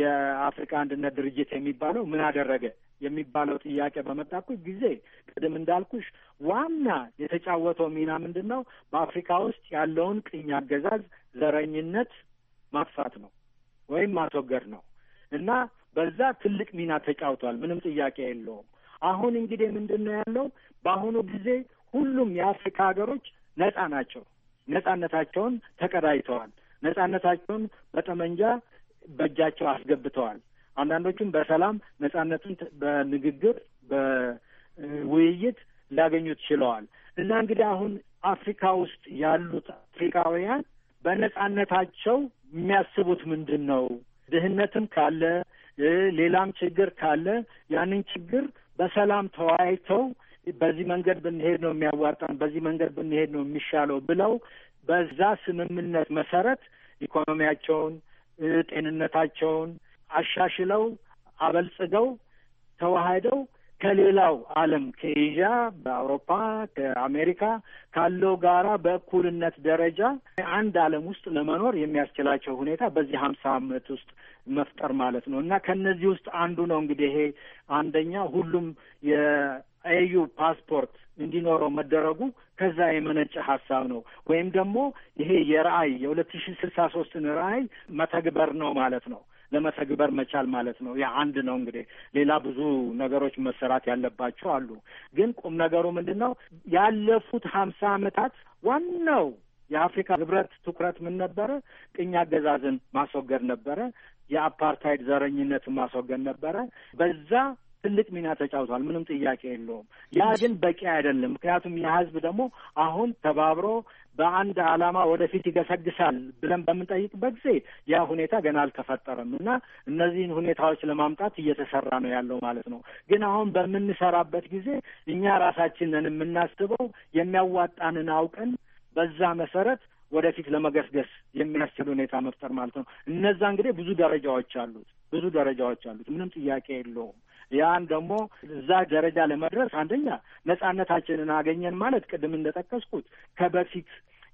የአፍሪካ አንድነት ድርጅት የሚባለው ምን አደረገ? የሚባለው ጥያቄ በመጣኩ ጊዜ ቅድም እንዳልኩሽ ዋና የተጫወተው ሚና ምንድን ነው? በአፍሪካ ውስጥ ያለውን ቅኝ አገዛዝ ዘረኝነት ማጥፋት ነው ወይም ማስወገድ ነው እና በዛ ትልቅ ሚና ተጫውቷል። ምንም ጥያቄ የለውም። አሁን እንግዲህ ምንድን ነው ያለው? በአሁኑ ጊዜ ሁሉም የአፍሪካ ሀገሮች ነጻ ናቸው። ነጻነታቸውን ተቀዳጅተዋል። ነጻነታቸውን በጠመንጃ በእጃቸው አስገብተዋል። አንዳንዶቹም በሰላም ነጻነቱን በንግግር በውይይት ሊያገኙት ችለዋል እና እንግዲህ አሁን አፍሪካ ውስጥ ያሉት አፍሪካውያን በነጻነታቸው የሚያስቡት ምንድን ነው? ድህነትም ካለ ሌላም ችግር ካለ ያንን ችግር በሰላም ተወያይተው በዚህ መንገድ ብንሄድ ነው የሚያዋጣን፣ በዚህ መንገድ ብንሄድ ነው የሚሻለው ብለው በዛ ስምምነት መሰረት ኢኮኖሚያቸውን፣ ጤንነታቸውን፣ አሻሽለው አበልጽገው ተዋህደው ከሌላው ዓለም ከኤዥያ በአውሮፓ ከአሜሪካ ካለው ጋራ በእኩልነት ደረጃ አንድ ዓለም ውስጥ ለመኖር የሚያስችላቸው ሁኔታ በዚህ ሀምሳ ዓመት ውስጥ መፍጠር ማለት ነው እና ከእነዚህ ውስጥ አንዱ ነው እንግዲህ ይሄ አንደኛ ሁሉም የኤዩ ፓስፖርት እንዲኖረው መደረጉ ከዛ የመነጨ ሀሳብ ነው። ወይም ደግሞ ይሄ የራዕይ የሁለት ሺ ስልሳ ሶስትን ራዕይ መተግበር ነው ማለት ነው። ለመተግበር መቻል ማለት ነው። ያ አንድ ነው። እንግዲህ ሌላ ብዙ ነገሮች መሰራት ያለባቸው አሉ። ግን ቁም ነገሩ ምንድን ነው? ያለፉት ሀምሳ ዓመታት ዋናው የአፍሪካ ህብረት ትኩረት ምን ነበረ? ቅኝ አገዛዝን ማስወገድ ነበረ። የአፓርታይድ ዘረኝነትን ማስወገድ ነበረ። በዛ ትልቅ ሚና ተጫውቷል። ምንም ጥያቄ የለውም። ያ ግን በቂ አይደለም። ምክንያቱም ያ ህዝብ ደግሞ አሁን ተባብሮ በአንድ ዓላማ ወደፊት ይገሰግሳል ብለን በምንጠይቅበት ጊዜ ያ ሁኔታ ገና አልተፈጠረም እና እነዚህን ሁኔታዎች ለማምጣት እየተሰራ ነው ያለው ማለት ነው። ግን አሁን በምንሰራበት ጊዜ እኛ ራሳችንን የምናስበው የሚያዋጣንን አውቀን በዛ መሰረት ወደፊት ለመገስገስ የሚያስችል ሁኔታ መፍጠር ማለት ነው። እነዛ እንግዲህ ብዙ ደረጃዎች አሉት፣ ብዙ ደረጃዎች አሉት። ምንም ጥያቄ የለውም። ያን ደግሞ እዛ ደረጃ ለመድረስ አንደኛ ነጻነታችንን አገኘን ማለት ቅድም እንደጠቀስኩት ከበፊት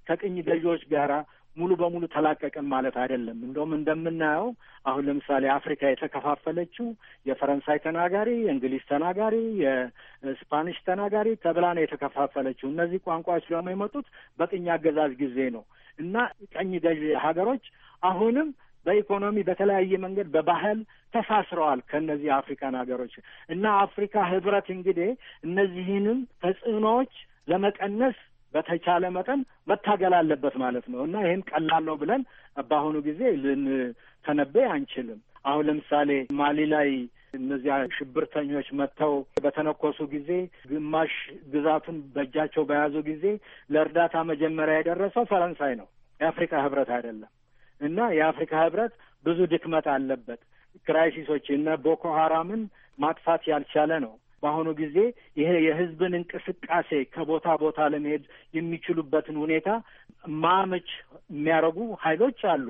ከቅኝ ገዢዎች ጋራ ሙሉ በሙሉ ተላቀቅን ማለት አይደለም። እንደውም እንደምናየው አሁን ለምሳሌ አፍሪካ የተከፋፈለችው የፈረንሳይ ተናጋሪ፣ የእንግሊዝ ተናጋሪ፣ የስፓኒሽ ተናጋሪ ተብላ ነው የተከፋፈለችው። እነዚህ ቋንቋዎች ደግሞ የመጡት በቅኝ አገዛዝ ጊዜ ነው እና ቀኝ ገዢ ሀገሮች አሁንም በኢኮኖሚ በተለያየ መንገድ በባህል ተሳስረዋል ከእነዚህ አፍሪካን ሀገሮች እና አፍሪካ ህብረት እንግዲህ እነዚህንም ተጽዕኖዎች ለመቀነስ በተቻለ መጠን መታገል አለበት ማለት ነው እና ይህም ቀላል ነው ብለን በአሁኑ ጊዜ ልንተነበይ አንችልም። አሁን ለምሳሌ ማሊ ላይ እነዚያ ሽብርተኞች መጥተው በተነኮሱ ጊዜ ግማሽ ግዛቱን በእጃቸው በያዙ ጊዜ ለእርዳታ መጀመሪያ የደረሰው ፈረንሳይ ነው፣ የአፍሪካ ህብረት አይደለም። እና የአፍሪካ ህብረት ብዙ ድክመት አለበት። ክራይሲሶች እነ ቦኮ ሀራምን ማጥፋት ያልቻለ ነው። በአሁኑ ጊዜ ይሄ የህዝብን እንቅስቃሴ ከቦታ ቦታ ለመሄድ የሚችሉበትን ሁኔታ ማመች የሚያደርጉ ሀይሎች አሉ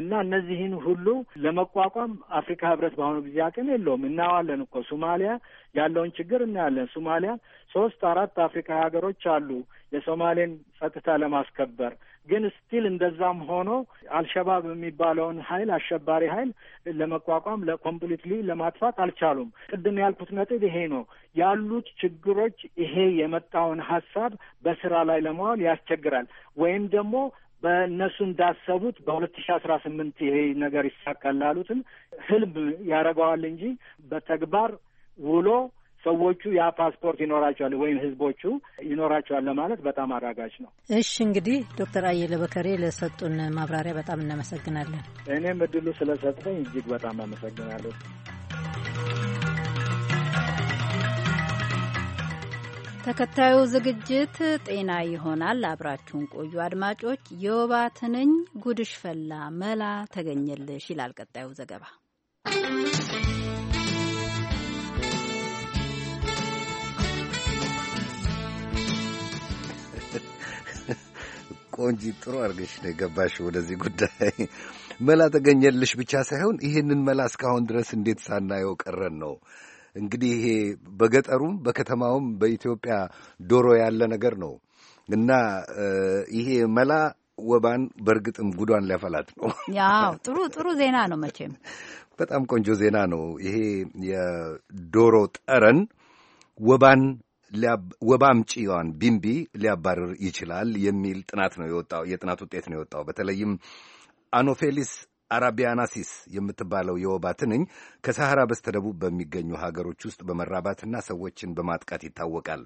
እና እነዚህን ሁሉ ለመቋቋም አፍሪካ ህብረት በአሁኑ ጊዜ አቅም የለውም። እናዋለን እኮ ሶማሊያ ያለውን ችግር እናያለን። ሶማሊያ ሶስት አራት አፍሪካ ሀገሮች አሉ የሶማሌን ጸጥታ ለማስከበር ግን ስቲል እንደዛም ሆኖ አልሸባብ የሚባለውን ሀይል አሸባሪ ሀይል ለመቋቋም ለኮምፕሊትሊ ለማጥፋት አልቻሉም። ቅድም ያልኩት ነጥብ ይሄ ነው። ያሉት ችግሮች ይሄ የመጣውን ሀሳብ በስራ ላይ ለመዋል ያስቸግራል ወይም ደግሞ በእነሱ እንዳሰቡት በሁለት ሺ አስራ ስምንት ይሄ ነገር ይሳካል ላሉትን ህልም ያደርገዋል እንጂ በተግባር ውሎ ሰዎቹ ያ ፓስፖርት ይኖራቸዋል ወይም ህዝቦቹ ይኖራቸዋል ለማለት በጣም አዳጋች ነው። እሺ እንግዲህ ዶክተር አየለ በከሬ ለሰጡን ማብራሪያ በጣም እናመሰግናለን። እኔም እድሉ ስለሰጠኝ እጅግ በጣም አመሰግናለሁ። ተከታዩ ዝግጅት ጤና ይሆናል። አብራችሁን ቆዩ አድማጮች። የወባ ትንኝ ጉድሽ ፈላ መላ ተገኘልሽ ይላል ቀጣዩ ዘገባ። ቆንጂ ጥሩ አድርገሽ ነው የገባሽ ወደዚህ ጉዳይ። መላ ተገኘልሽ ብቻ ሳይሆን ይህንን መላ እስካሁን ድረስ እንዴት ሳናየው ቀረን ነው እንግዲህ ይሄ በገጠሩም በከተማውም በኢትዮጵያ ዶሮ ያለ ነገር ነው እና ይሄ መላ ወባን በእርግጥም ጉዷን ሊያፈላት ነው። ያው ጥሩ ጥሩ ዜና ነው መቼም በጣም ቆንጆ ዜና ነው። ይሄ የዶሮ ጠረን ወባን ወባ አምጪዋን ቢምቢ ሊያባርር ይችላል የሚል ጥናት ነው የወጣው የጥናት ውጤት ነው የወጣው። በተለይም አኖፌሊስ አራቢያናሲስ የምትባለው የወባ ትንኝ ከሰሐራ በስተደቡብ በሚገኙ ሀገሮች ውስጥ በመራባትና ሰዎችን በማጥቃት ይታወቃል።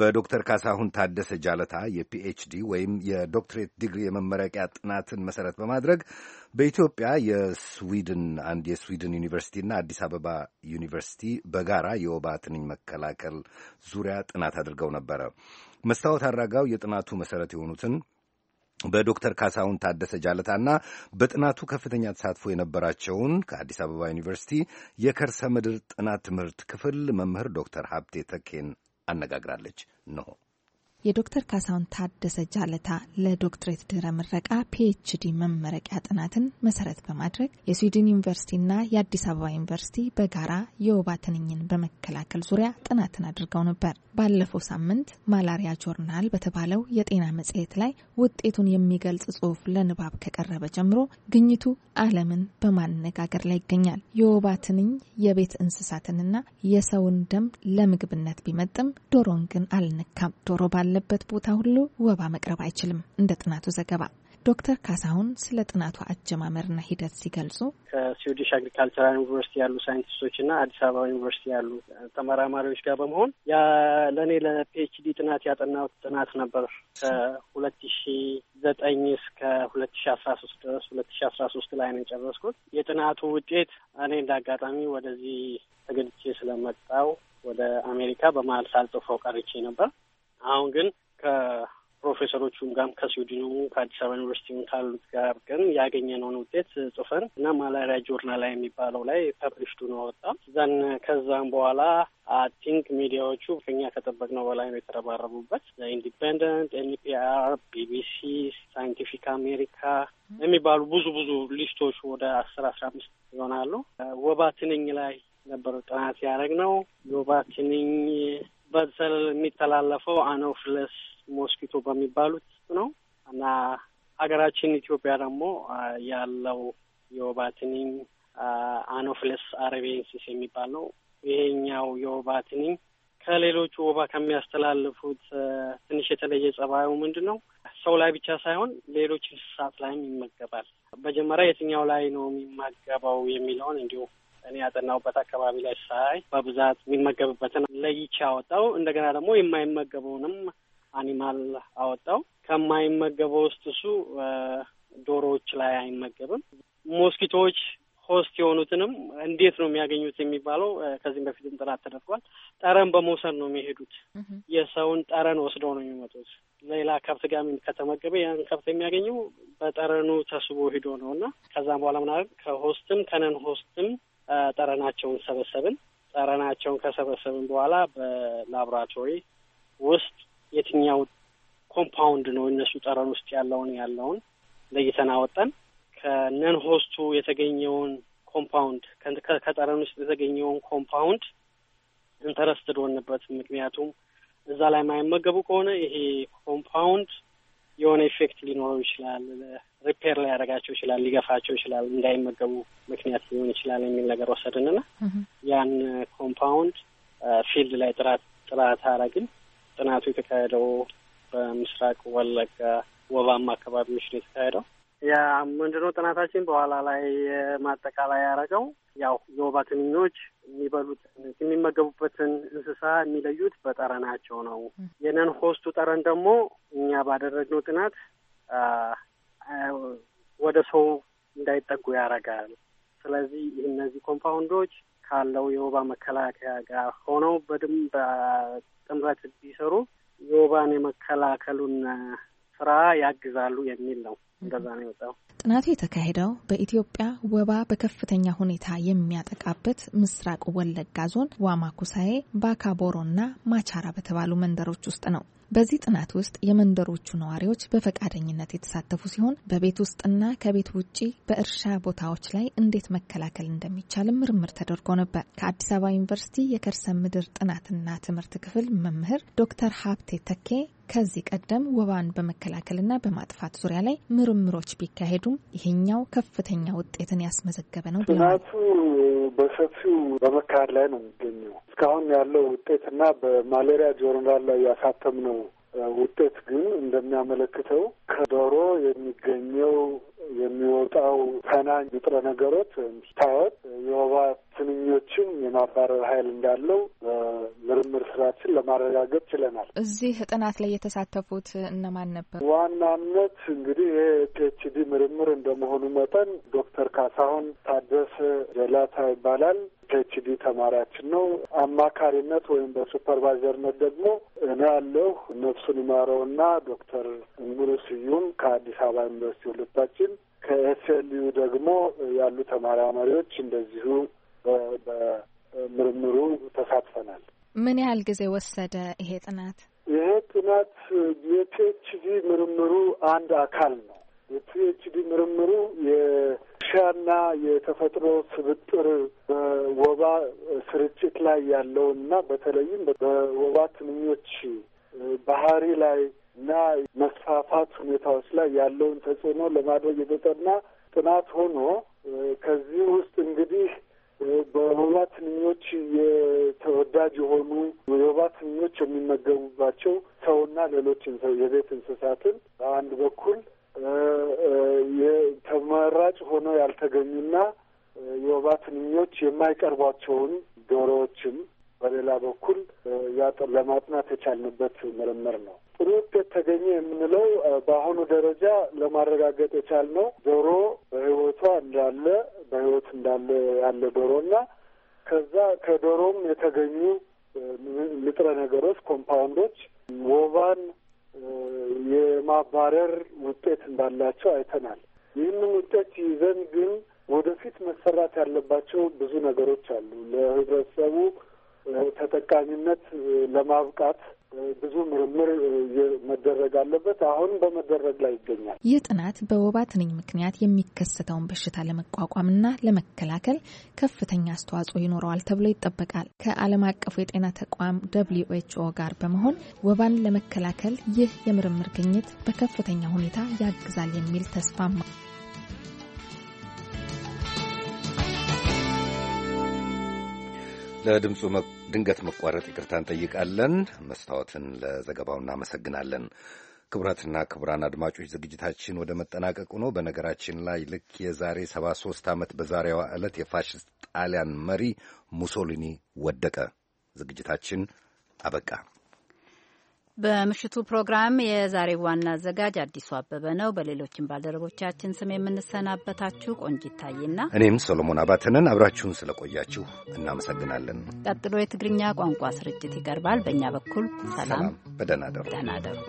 በዶክተር ካሳሁን ታደሰ ጃለታ የፒኤችዲ ወይም የዶክትሬት ዲግሪ የመመረቂያ ጥናትን መሰረት በማድረግ በኢትዮጵያ የስዊድን አንድ የስዊድን ዩኒቨርሲቲና አዲስ አበባ ዩኒቨርሲቲ በጋራ የወባ ትንኝ መከላከል ዙሪያ ጥናት አድርገው ነበረ። መስታወት አድራጋው የጥናቱ መሰረት የሆኑትን በዶክተር ካሳሁን ታደሰ ጃለታና በጥናቱ ከፍተኛ ተሳትፎ የነበራቸውን ከአዲስ አበባ ዩኒቨርሲቲ የከርሰ ምድር ጥናት ትምህርት ክፍል መምህር ዶክተር ሀብቴ ተኬን አነጋግራለች ነው። የዶክተር ካሳሁን ታደሰ ጃለታ ለዶክትሬት ድህረ ምረቃ ፒኤችዲ መመረቂያ ጥናትን መሰረት በማድረግ የስዊድን ዩኒቨርሲቲና የአዲስ አበባ ዩኒቨርሲቲ በጋራ የወባ ትንኝን በመከላከል ዙሪያ ጥናትን አድርገው ነበር። ባለፈው ሳምንት ማላሪያ ጆርናል በተባለው የጤና መጽሔት ላይ ውጤቱን የሚገልጽ ጽሑፍ ለንባብ ከቀረበ ጀምሮ ግኝቱ ዓለምን በማነጋገር ላይ ይገኛል። የወባ ትንኝ የቤት እንስሳትንና የሰውን ደም ለምግብነት ቢመጥም ዶሮን ግን አልነካም። ዶሮ ባለ ባለበት ቦታ ሁሉ ወባ መቅረብ አይችልም። እንደ ጥናቱ ዘገባ ዶክተር ካሳሁን ስለ ጥናቱ አጀማመርና ሂደት ሲገልጹ ከስዊዲሽ አግሪካልቸራል ዩኒቨርሲቲ ያሉ ሳይንቲስቶችና አዲስ አበባ ዩኒቨርሲቲ ያሉ ተመራማሪዎች ጋር በመሆን ለእኔ ለፒኤችዲ ጥናት ያጠናሁት ጥናት ነበር ከሁለት ሺ ዘጠኝ እስከ ሁለት ሺ አስራ ሶስት ድረስ ሁለት ሺ አስራ ሶስት ላይ ነው የጨረስኩት። የጥናቱ ውጤት እኔ እንደ አጋጣሚ ወደዚህ ተገድቼ ስለመጣው ወደ አሜሪካ በመሀል ሳልጽፈው ቀርቼ ነበር። አሁን ግን ከፕሮፌሰሮቹም ጋር ከስዊድኑ ከአዲስ አበባ ዩኒቨርሲቲ ካሉት ጋር ግን ያገኘነውን ውጤት ጽፈን እና ማላሪያ ጆርናል ላይ የሚባለው ላይ ፐብሊሽዱ ነው ወጣ ዘን ከዛም በኋላ አይ ቲንክ ሚዲያዎቹ ከኛ ከጠበቅነው በላይ ነው የተረባረቡበት። ኢንዲፔንደንት፣ ኤንፒአር፣ ቢቢሲ፣ ሳይንቲፊክ አሜሪካ የሚባሉ ብዙ ብዙ ሊስቶች ወደ አስር አስራ አምስት ይሆናሉ። ወባ ትንኝ ላይ ነበር ጥናት ያደረግነው። የወባ ትንኝ በሰል የሚተላለፈው አኖፍለስ ሞስኪቶ በሚባሉት ነው እና ሀገራችን ኢትዮጵያ ደግሞ ያለው የወባ ትንኝ አኖፊለስ አረቤንሲስ የሚባል ነው። ይሄኛው የወባ ትንኝ ከሌሎቹ ወባ ከሚያስተላልፉት ትንሽ የተለየ ጸባዩ ምንድን ነው? ሰው ላይ ብቻ ሳይሆን ሌሎች እንስሳት ላይም ይመገባል። መጀመሪያ የትኛው ላይ ነው የሚመገበው የሚለውን እንዲሁ እኔ ያጠናውበት አካባቢ ላይ ሳይ በብዛት የሚመገብበትን ለይቼ አወጣው። እንደገና ደግሞ የማይመገበውንም አኒማል አወጣው። ከማይመገበው ውስጥ እሱ ዶሮዎች ላይ አይመገብም። ሞስኪቶዎች ሆስት የሆኑትንም እንዴት ነው የሚያገኙት የሚባለው ከዚህም በፊትም ጥናት ተደርጓል። ጠረን በመውሰድ ነው የሚሄዱት። የሰውን ጠረን ወስደው ነው የሚመጡት። ሌላ ከብት ጋር ከተመገበ ያን ከብት የሚያገኘው በጠረኑ ተስቦ ሂዶ ነው እና ከዛም በኋላ ምናምን ከሆስትም ከነን ሆስትም ጠረናቸውን ሰበሰብን። ጠረናቸውን ከሰበሰብን በኋላ በላብራቶሪ ውስጥ የትኛው ኮምፓውንድ ነው እነሱ ጠረን ውስጥ ያለውን ያለውን ለይተን አወጣን። ከነን ሆስቱ የተገኘውን ኮምፓውንድ ከጠረን ውስጥ የተገኘውን ኮምፓውንድ ኢንተረስትድ ሆንበት። ምክንያቱም እዛ ላይ የማይመገቡ ከሆነ ይሄ ኮምፓውንድ የሆነ ኢፌክት ሊኖረው ይችላል፣ ሪፔር ሊያደርጋቸው ይችላል፣ ሊገፋቸው ይችላል፣ እንዳይመገቡ ምክንያት ሊሆን ይችላል የሚል ነገር ወሰድንና ያን ኮምፓውንድ ፊልድ ላይ ጥራት ጥራት አረግን። ጥናቱ የተካሄደው በምስራቅ ወለጋ ወባማ አካባቢዎች ነው የተካሄደው። ምንድነው ጥናታችን በኋላ ላይ ማጠቃላይ ያደረገው ያው የወባ ትንኞች የሚበሉት የሚመገቡበትን እንስሳ የሚለዩት በጠረናቸው ነው። የነን ሆስቱ ጠረን ደግሞ እኛ ባደረግነው ጥናት ወደ ሰው እንዳይጠጉ ያደርጋል። ስለዚህ እነዚህ ኮምፓውንዶች ካለው የወባ መከላከያ ጋር ሆነው በድም በጥምረት ቢሰሩ የወባን የመከላከሉን ስራ ያግዛሉ የሚል ነው። እንደዛ ነው የወጣው። ጥናቱ የተካሄደው በኢትዮጵያ ወባ በከፍተኛ ሁኔታ የሚያጠቃበት ምስራቅ ወለጋ ዞን ዋማኩሳዬ፣ እና ማቻራ በተባሉ መንደሮች ውስጥ ነው። በዚህ ጥናት ውስጥ የመንደሮቹ ነዋሪዎች በፈቃደኝነት የተሳተፉ ሲሆን በቤት ውስጥና ከቤት ውጪ በእርሻ ቦታዎች ላይ እንዴት መከላከል እንደሚቻልም ምርምር ተደርጎ ነበር። ከአዲስ አበባ ዩኒቨርሲቲ የከርሰ ምድር ጥናትና ትምህርት ክፍል መምህር ዶክተር ሀብቴ ተኬ ከዚህ ቀደም ወባን በመከላከልና በማጥፋት ዙሪያ ላይ ምርምር ምርምሮች ቢካሄዱም ይሄኛው ከፍተኛ ውጤትን ያስመዘገበ ነው። ጥናቱ በሰፊው በመካሄድ ላይ ነው የሚገኘው። እስካሁን ያለው ውጤትና በማሌሪያ ጆርናል ላይ ያሳተምነው ውጤት ግን እንደሚያመለክተው ከዶሮ የሚገኘው የሚወጣው ፈናኝ ንጥረ ነገሮች ወይም ስታወት የወባ ትንኞችን የማባረር ኃይል እንዳለው በምርምር ስራችን ለማረጋገጥ ችለናል። እዚህ ጥናት ላይ የተሳተፉት እነማን ነበር? ዋናነት እንግዲህ ይሄ ፒኤችዲ ምርምር እንደመሆኑ መጠን ዶክተር ካሳሁን ታደሰ ጀላታ ይባላል። ፒኤችዲ ተማሪያችን ነው። አማካሪነት ወይም በሱፐርቫይዘርነት ደግሞ እኔ ያለሁ ነፍሱን ይማረውና ዶክተር ሙሉ ስዩም ከአዲስ አበባ ዩኒቨርሲቲ ሁለታችን ከኤስኤልዩ ደግሞ ያሉ ተመራማሪዎች እንደዚሁ በምርምሩ ተሳትፈናል። ምን ያህል ጊዜ ወሰደ ይሄ ጥናት? ይሄ ጥናት የፒኤችዲ ምርምሩ አንድ አካል ነው። የፒኤችዲ ምርምሩ የእርሻና የተፈጥሮ ስብጥር በወባ ስርጭት ላይ ያለውና በተለይም በወባ ትንኞች ባህሪ ላይ እና መስፋፋት ሁኔታዎች ላይ ያለውን ተጽዕኖ ለማድረግ የተጠና ጥናት ሆኖ ከዚህ ውስጥ እንግዲህ በወባ ትንኞች የተወዳጅ የሆኑ የወባ ትንኞች የሚመገቡባቸው ሰውና ሌሎች የቤት እንስሳትን በአንድ በኩል ተመራጭ ሆኖ ያልተገኙና የወባ ትንኞች የማይቀርቧቸውን ዶሮዎችም በሌላ በኩል ለማጥናት የቻልንበት ምርምር ነው። ጥሩ ውጤት ተገኘ የምንለው በአሁኑ ደረጃ ለማረጋገጥ የቻልነው ዶሮ በህይወቷ እንዳለ በህይወት እንዳለ ያለ ዶሮ እና ከዛ ከዶሮም የተገኙ ንጥረ ነገሮች ኮምፓውንዶች ወባን የማባረር ውጤት እንዳላቸው አይተናል። ይህንን ውጤት ይዘን ግን ወደፊት መሰራት ያለባቸው ብዙ ነገሮች አሉ። ለህብረተሰቡ ተጠቃሚነት ለማብቃት ብዙ ምርምር መደረግ አለበት። አሁን በመደረግ ላይ ይገኛል። ይህ ጥናት በወባ ትንኝ ምክንያት የሚከሰተውን በሽታ ለመቋቋምና ለመከላከል ከፍተኛ አስተዋጽኦ ይኖረዋል ተብሎ ይጠበቃል። ከዓለም አቀፉ የጤና ተቋም ደብሊዩ ኤች ኦ ጋር በመሆን ወባን ለመከላከል ይህ የምርምር ግኝት በከፍተኛ ሁኔታ ያግዛል የሚል ተስፋ ለድምፁ ድንገት መቋረጥ ይቅርታን እንጠይቃለን። መስታወትን ለዘገባው እናመሰግናለን። ክቡራትና ክቡራን አድማጮች ዝግጅታችን ወደ መጠናቀቁ ነው። በነገራችን ላይ ልክ የዛሬ 73 ዓመት በዛሬዋ ዕለት የፋሽስት ጣሊያን መሪ ሙሶሊኒ ወደቀ። ዝግጅታችን አበቃ። በምሽቱ ፕሮግራም የዛሬ ዋና አዘጋጅ አዲሱ አበበ ነው። በሌሎችም ባልደረቦቻችን ስም የምንሰናበታችሁ ቆንጂት ታዬና እኔም ሰሎሞን አባተንን አብራችሁን ስለቆያችሁ እናመሰግናለን። ቀጥሎ የትግርኛ ቋንቋ ስርጭት ይቀርባል። በእኛ በኩል ሰላም፣ በደህና ደሩ።